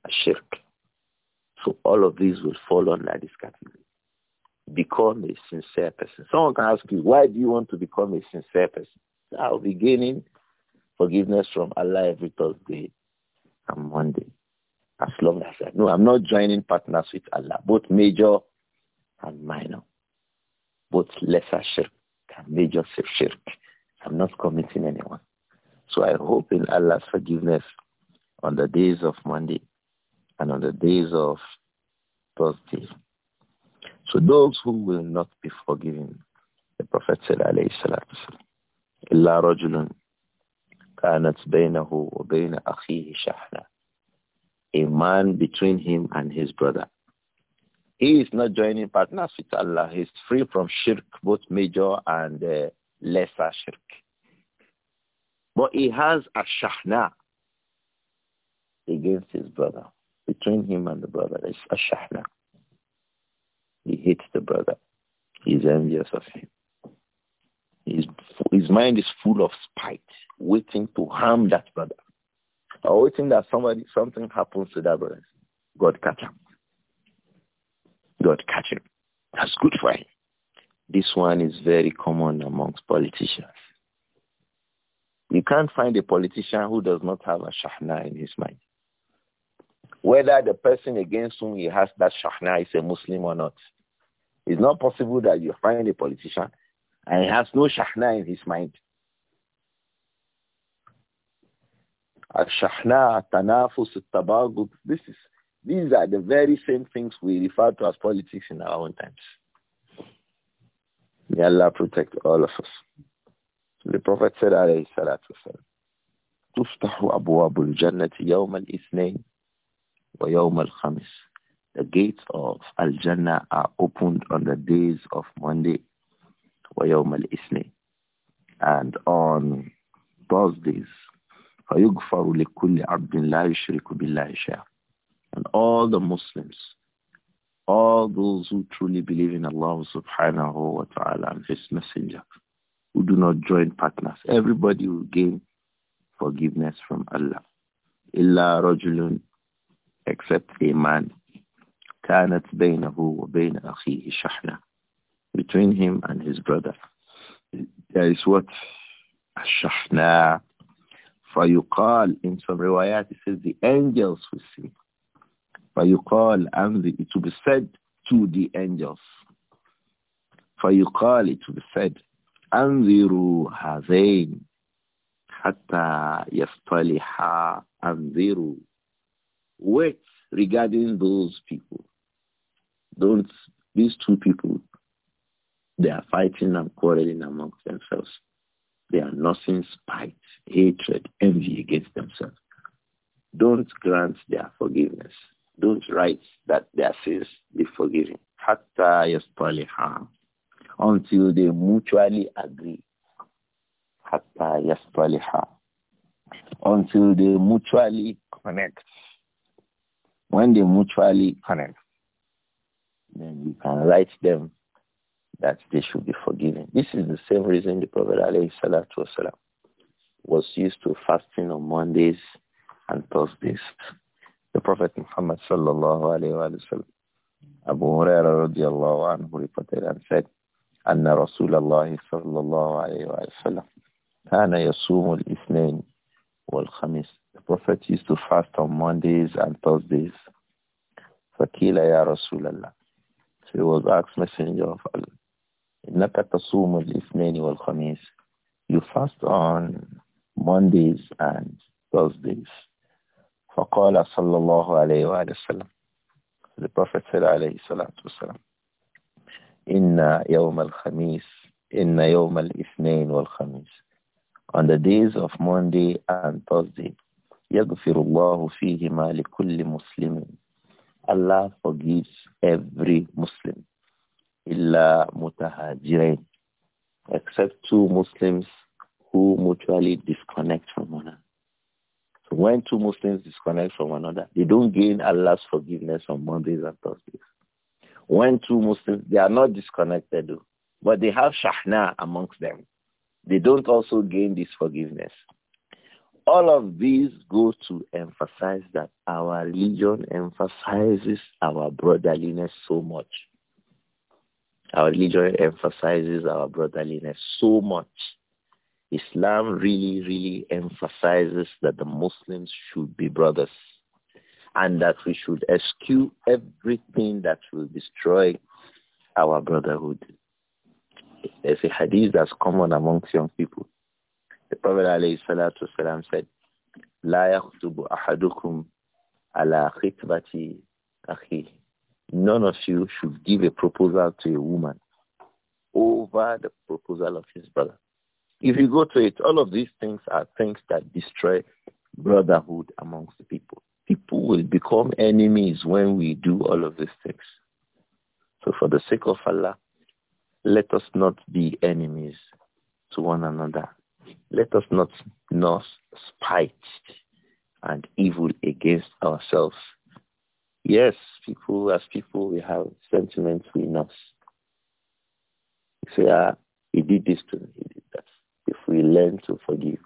a Shirk. So all of these will fall under this category. Become a sincere person. Someone can ask you, why do you want to become a sincere person? I'll be gaining forgiveness from Allah every Thursday and Monday. As long as I, no, I'm not joining partners with Allah, both major and minor, both lesser shirk and major shirk. I'm not committing anyone. So I hope in Allah's forgiveness on the days of Monday and on the days of Thursday. So those who will not be forgiven, the Prophet said, alayhi salatu إلا رجل كانت بينه وبين أخيه شحنة a man between him and his brother. He is not joining partners with Allah. He's free from shirk, both major and uh, lesser shirk. But he has a shahna against his brother. Between him and the brother, It's a shahna. He hates the brother. He's envious of him. His, his mind is full of spite, waiting to harm that brother or waiting that somebody something happens to that brother. God catch him. God catch him. That's good for him. This one is very common amongst politicians. You can't find a politician who does not have a shahna in his mind. Whether the person against whom he has that shahna is a Muslim or not. It's not possible that you find a politician and he has no shahna in his mind. Ashahna, Tanafus, Tabagub. This is, these are the very same things we refer to as politics in our own times. May Allah protect all of us. The Prophet said, alayhi salatu wasalam, تفتح أبواب الجنة يوم الاثنين ويوم الخميس. The gates of Al-Jannah are opened on the days of Monday ويوم الاثنين and on Thursdays فَيُغْفَرُ لِكُلِّ عَبْدٍ لَا يُشْرِكُ بِاللَّهِ شَيْئًا And all the Muslims, all those who truly believe in Allah subhanahu wa ta'ala and His Messenger, who do not join partners, everybody will gain forgiveness from Allah. إِلَّا رَجُلٌ Except a man كانت بينه وبين أخيه شحنة between him and his brother there is what الشحناء فَيُقَال In some riwayat, it says the angels will sing. فَيُقَال And the, it will be said to the angels. فَيُقَال It will be said, أَنذِرُوا هَذَيْنِ حَتَّى يَصْطَلِحَا أَنذِرُوا Wait regarding those people. Don't, these two people, they are fighting and quarreling amongst themselves. They are nursing spite hatred, envy against themselves. Don't grant their forgiveness. Don't write that their sins be forgiven. Hatta Until they mutually agree. Hatta Until they mutually connect. When they mutually connect, then you can write them that they should be forgiven. This is the same reason the Prophet ﷺ was used to fasting on Mondays and Thursdays. The Prophet Muhammad sallallahu alayhi wa sallam, Abu Huraira radiallahu anhu reported and said, أن رسول الله صلى الله عليه وسلم كان يصوم الاثنين والخميس. The Prophet used to fast on Mondays and Thursdays. فقيل يا رسول الله. So he was asked, Messenger of Allah, إنك تصوم الاثنين والخميس. You fast on Mondays and Thursdays. فقال صلى الله عليه وآله وسلم The Prophet said عليه الصلاة والسلام إن يوم الخميس إن يوم الاثنين والخميس On the days of Monday and Thursday يغفر الله فيهما لكل مسلم Allah forgives every Muslim إلا متهاجرين except two Muslims who mutually disconnect from one another. So when two Muslims disconnect from one another, they don't gain Allah's forgiveness on Mondays and Thursdays. When two Muslims, they are not disconnected, though, but they have shahna amongst them. They don't also gain this forgiveness. All of these go to emphasize that our religion emphasizes our brotherliness so much. Our religion emphasizes our brotherliness so much Islam really, really emphasizes that the Muslims should be brothers and that we should eschew everything that will destroy our brotherhood. There's a hadith that's common amongst young people. The Prophet ﷺ said, لا يخطب أحدكم على خطبة أخيه None of you should give a proposal to a woman over the proposal of his brother. If you go to it, all of these things are things that destroy brotherhood amongst the people. People will become enemies when we do all of these things. So for the sake of Allah, let us not be enemies to one another. Let us not nurse spite and evil against ourselves. Yes, people, as people, we have sentiments within us. You say, ah, he did this to me, he did that if we learn to forgive,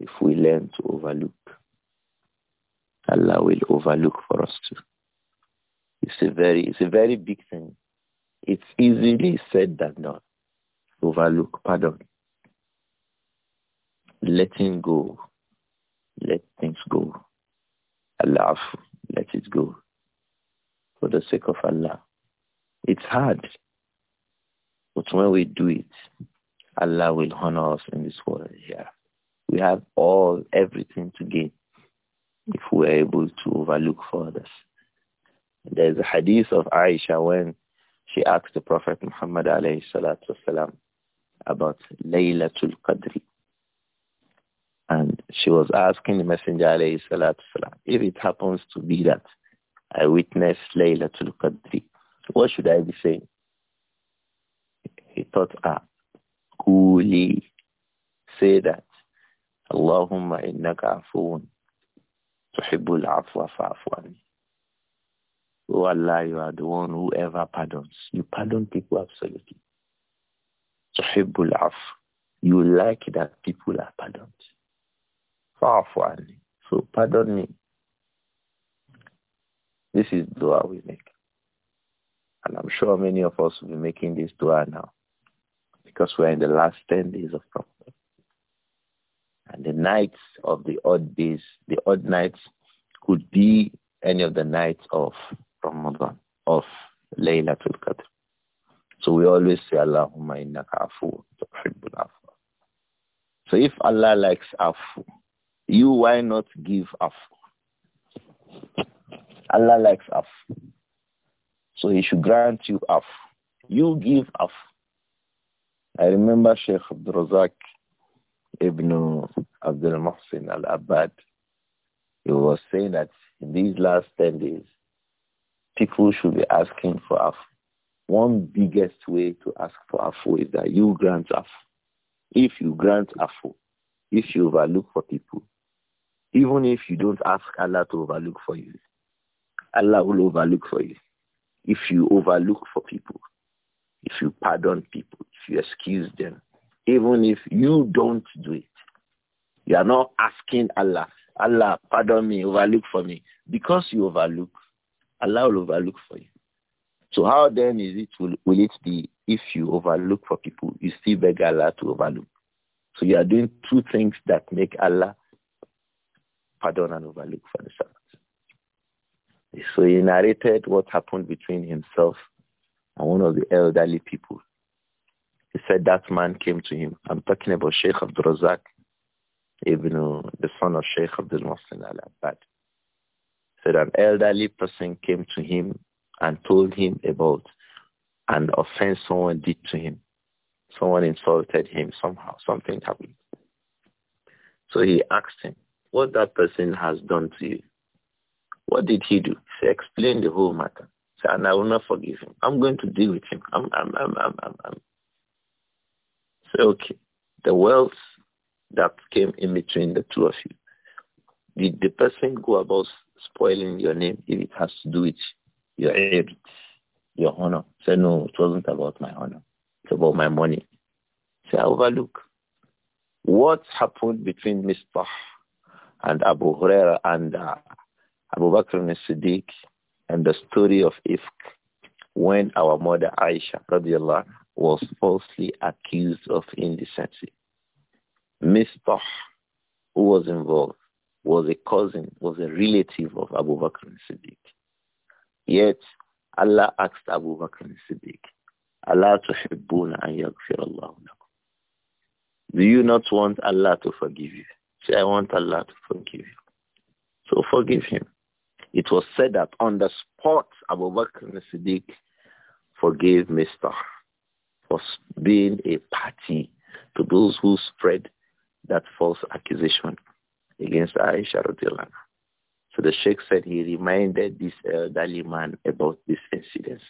if we learn to overlook, Allah will overlook for us too. It's a very, it's a very big thing. It's easily said than done. Overlook, pardon, letting go, let things go, Allah, let it go, for the sake of Allah. It's hard, but when we do it, Allah will honor us in this world yeah. We have all, everything to gain if we are able to overlook for others. There's a hadith of Aisha when she asked the Prophet Muhammad alayhi salatu about Laylatul Qadr. And she was asking the Messenger alayhi salatu if it happens to be that I witness Laylatul Qadr, what should I be saying? He thought, ah, Kuli. Say that. Allahumma innaka afoon. Tuhibbul afwa fa'afwani. Oh Allah, you are the one who ever pardons. You pardon people absolutely. Tuhibbul af. You like that people are pardoned. Fa'afwani. So pardon me. This is dua we make. And I'm sure many of us will be making this dua now because we are in the last 10 days of Ramadan. And the nights of the odd days, the odd nights could be any of the nights of Ramadan, of Laylatul Qadr. So we always say, Allahumma innaka afu, tuhibbul afu. So if Allah likes afu, you why not give afu? Allah likes afu. So he should grant you afu. You give afu. I remember Sheikh Abdul Razak Ibn Abdul Muhsin al Abad. He was saying that in these last 10 days, people should be asking for afu. One biggest way to ask for afu is that you grant afu. If you grant afu, if you overlook for people, even if you don't ask Allah to overlook for you, Allah will overlook for you. If you overlook for people, if you pardon people, if you excuse them, even if you don't do it, you are not asking Allah, Allah, pardon me, overlook for me. Because you overlook, Allah will overlook for you. So how then is it, will, will it be if you overlook for people, you still beg Allah to overlook? So you are doing two things that make Allah pardon and overlook for the servant. So he narrated what happened between himself and one of the elderly people. He said that man came to him. I'm talking about Sheikh Abdul Razak, even the son of Sheikh Abdul Muslim al-Abbad. Said an elderly person came to him and told him about an offense someone did to him. Someone insulted him somehow. Something happened. So he asked him, what that person has done to you. What did he do? He explained the whole matter and I will not forgive him. I'm going to deal with him. I'm, I'm, I'm, I'm, I'm, I'm. So, okay, the wealth that came in between the two of you, did the person go about spoiling your name if it has to do with your merit, your honor? Say, no, it wasn't about my honor. It's about my money. Say, I overlook. What happened between Mr. and Abu Huraira and uh, Abu Bakr and Siddiq and the story of Ifk when our mother Aisha radiallahu was falsely accused of indecency. Mistah, who was involved, was a cousin, was a relative of Abu Bakr siddiq Yet Allah asked Abu Bakr siddiq Allah to an yaghfir Allah lakum. Do you not want Allah to forgive you? Say, I want Allah to forgive you. So forgive him. It was said that on the spot, Abu Bakr siddiq forgave Mr. for being a party to those who spread that false accusation against Aisha radiallahu So the sheikh said he reminded this elderly man about this incident.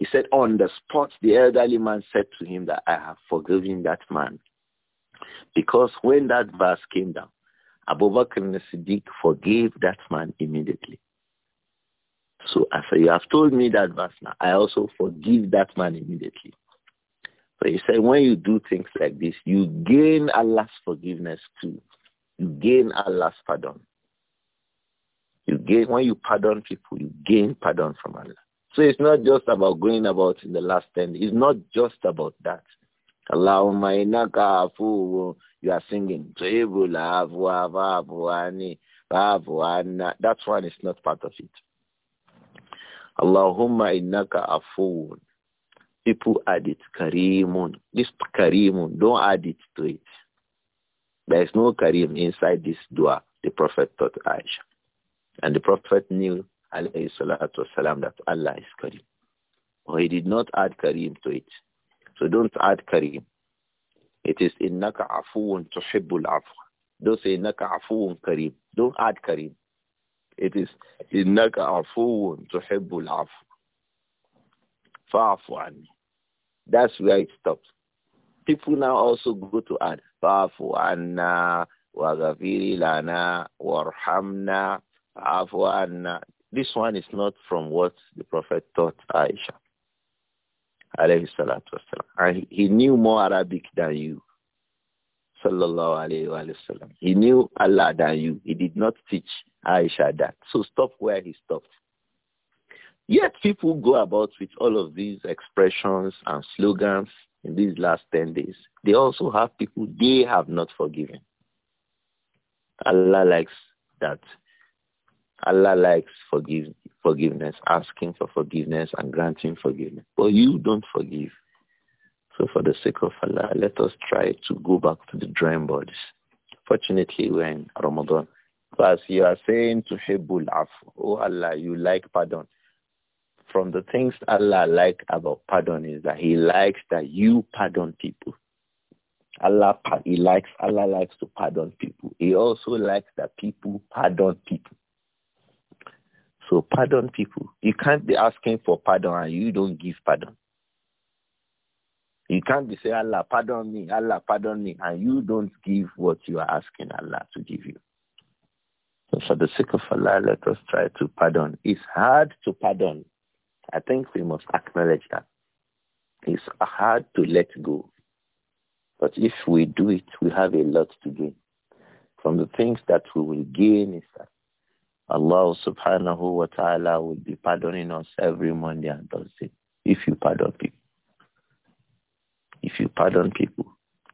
He said on the spot, the elderly man said to him that I have forgiven that man. Because when that verse came down, Abu Bakr al-Siddiq forgave that man immediately. So as you have told me that verse now, I also forgive that man immediately. But he said, when you do things like this, you gain Allah's forgiveness too. You gain Allah's pardon. You gain when you pardon people, you gain pardon from Allah. So it's not just about going about in the last ten. It's not just about that. Allahumma you are singing. That one is not part of it. Allahumma innaka afoon. People add it. Karimun. This Karimun, don't add it to it. There is no Karim inside this dua, the Prophet taught Aisha. And the Prophet knew, alayhi that Allah is Karim. But he did not add Karim to it. So don't add Karim. It is innaka afuun tuhibbul afwa. Don't say innaka afuun kareem. Don't add kareem. It is innaka afuun tuhibbul afwa. Fa'afu anni. That's where it stops. People now also go to add fa'afu anna waghafiri lana warhamna fa'afu anna. This one is not from what the Prophet taught Aisha alayhi salatu wasalam. And he knew more Arabic than you. Sallallahu alayhi wa sallam. He knew Allah than you. He did not teach Aisha that. So stop where he stopped. Yet people go about with all of these expressions and slogans in these last 10 days. They also have people they have not forgiven. Allah likes that Allah likes forgive, forgiveness, asking for forgiveness and granting forgiveness. But you don't forgive. So for the sake of Allah, let us try to go back to the drawing boards. Fortunately, we're in Ramadan. but you are saying to Hebul Afu, oh Allah, you like pardon. From the things Allah likes about pardon is that he likes that you pardon people. Allah, he likes, Allah likes to pardon people. He also likes that people pardon people. So pardon people. You can't be asking for pardon and you don't give pardon. You can't be saying, Allah, pardon me, Allah, pardon me, and you don't give what you are asking Allah to give you. So for the sake of Allah, let us try to pardon. It's hard to pardon. I think we must acknowledge that. It's hard to let go. But if we do it, we have a lot to gain. From the things that we will gain is that Allah subhanahu wa ta'ala will be pardoning us every Monday and Thursday if you pardon people. If you pardon people,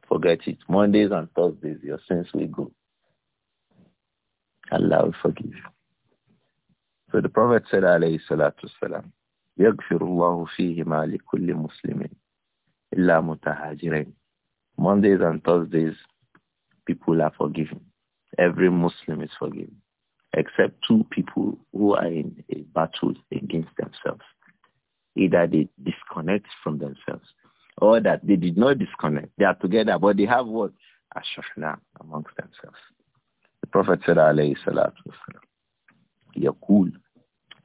forget it. Mondays and Thursdays, your sins will go. Allah will forgive you. So the Prophet said, alayhi salatu wasalam, يغفر الله فيهما kulli muslimin illa متهاجرين. Mondays and Thursdays, people are forgiven. Every Muslim is forgiven except two people who are in a battle against themselves. Either they disconnect from themselves or that they did not disconnect. They are together, but they have what? Ashafna amongst themselves. The Prophet said, alayhi salatu Yaqul,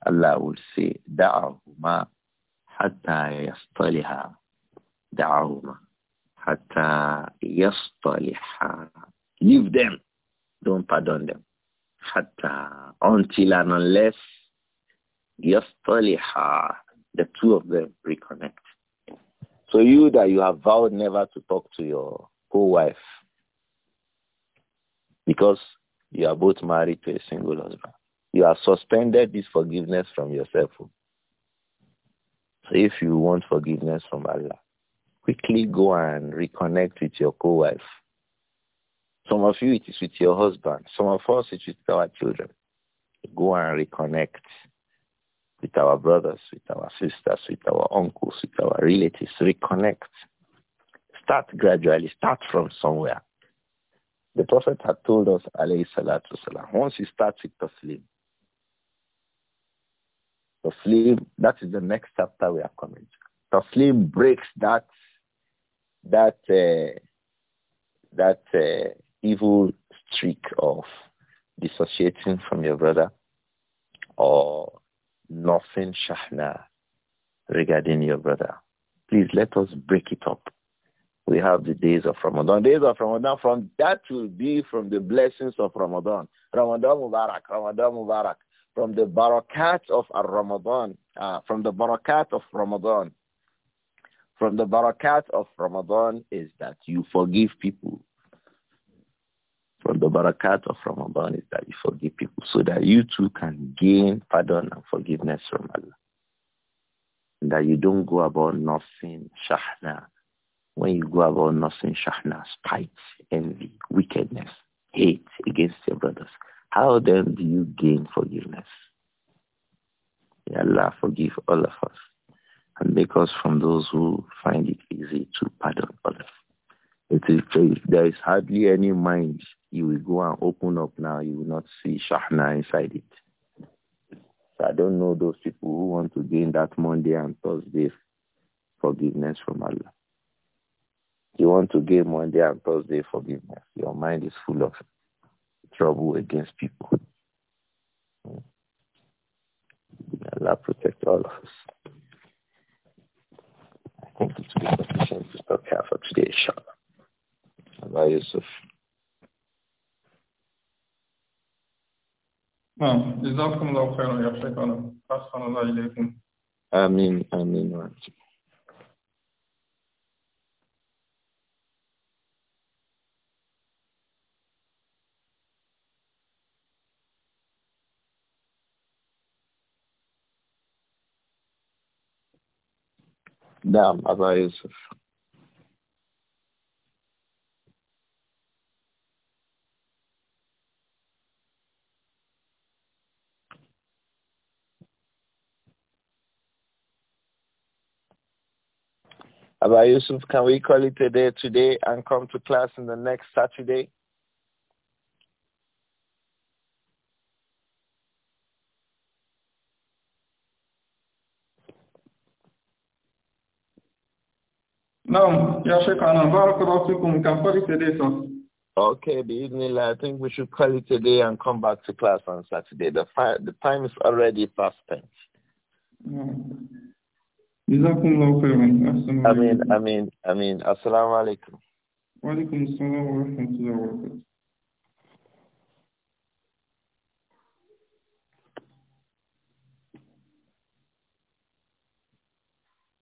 Allah will say, Da'ahuma hatta yastaliha. Da'ahuma hatta yastaliha. Leave them. Don't pardon them Hatta, until and unless yastaliha, the two of them reconnect. So you that you have vowed never to talk to your co-wife because you are both married to a single husband. You have suspended this forgiveness from yourself. So if you want forgiveness from Allah, quickly go and reconnect with your co-wife some of you, it is with your husband. Some of us, it's with our children. Go and reconnect with our brothers, with our sisters, with our uncles, with our relatives. Reconnect. Start gradually. Start from somewhere. The Prophet had told us, alayhi salatu salam, once you start with taslim, taslim, that is the next chapter we are coming to. Taslim breaks that, that, uh, that, uh, evil streak of dissociating from your brother or nothing shahna regarding your brother. Please let us break it up. We have the days of Ramadan. Days of Ramadan, from that will be from the blessings of Ramadan. Ramadan Mubarak, Ramadan Mubarak. From the barakat of Ramadan, uh, from the barakat of Ramadan. From the barakat of Ramadan is that you forgive people from the barakat of Ramadan is that you forgive people so that you too can gain pardon and forgiveness from Allah. And that you don't go about nothing shahna. When you go about nothing shahna, spite, envy, wickedness, hate against your brothers, how then do you gain forgiveness? May Allah forgive all of us and make us from those who find it easy to pardon others. It is, there is hardly any mind you will go and open up now, you will not see Shahna inside it. So I don't know those people who want to gain that Monday and Thursday forgiveness from Allah. You want to gain Monday and Thursday forgiveness. Your mind is full of trouble against people. Hmm. Allah protect all of us. I think it's sufficient to stop here for today, inshallah. Allah Yusuf. نعم جزاكم الله خيرا يا شيخنا أحسن الله إليكم آمين آمين وأنتم نعم أبا يوسف Abba Yusuf, can we call it a day today and come to class in the next Saturday? No, Ya Shekana, we can call it sir. Okay, the evening, I think we should call it a day and come back to class on Saturday. The, the time is already past tense. Mm. Jazakumullahu khairan. Ameen, ameen, ameen. Assalamu alaikum. Wa alaikum assalam wa rahmatullahi wa barakatuh.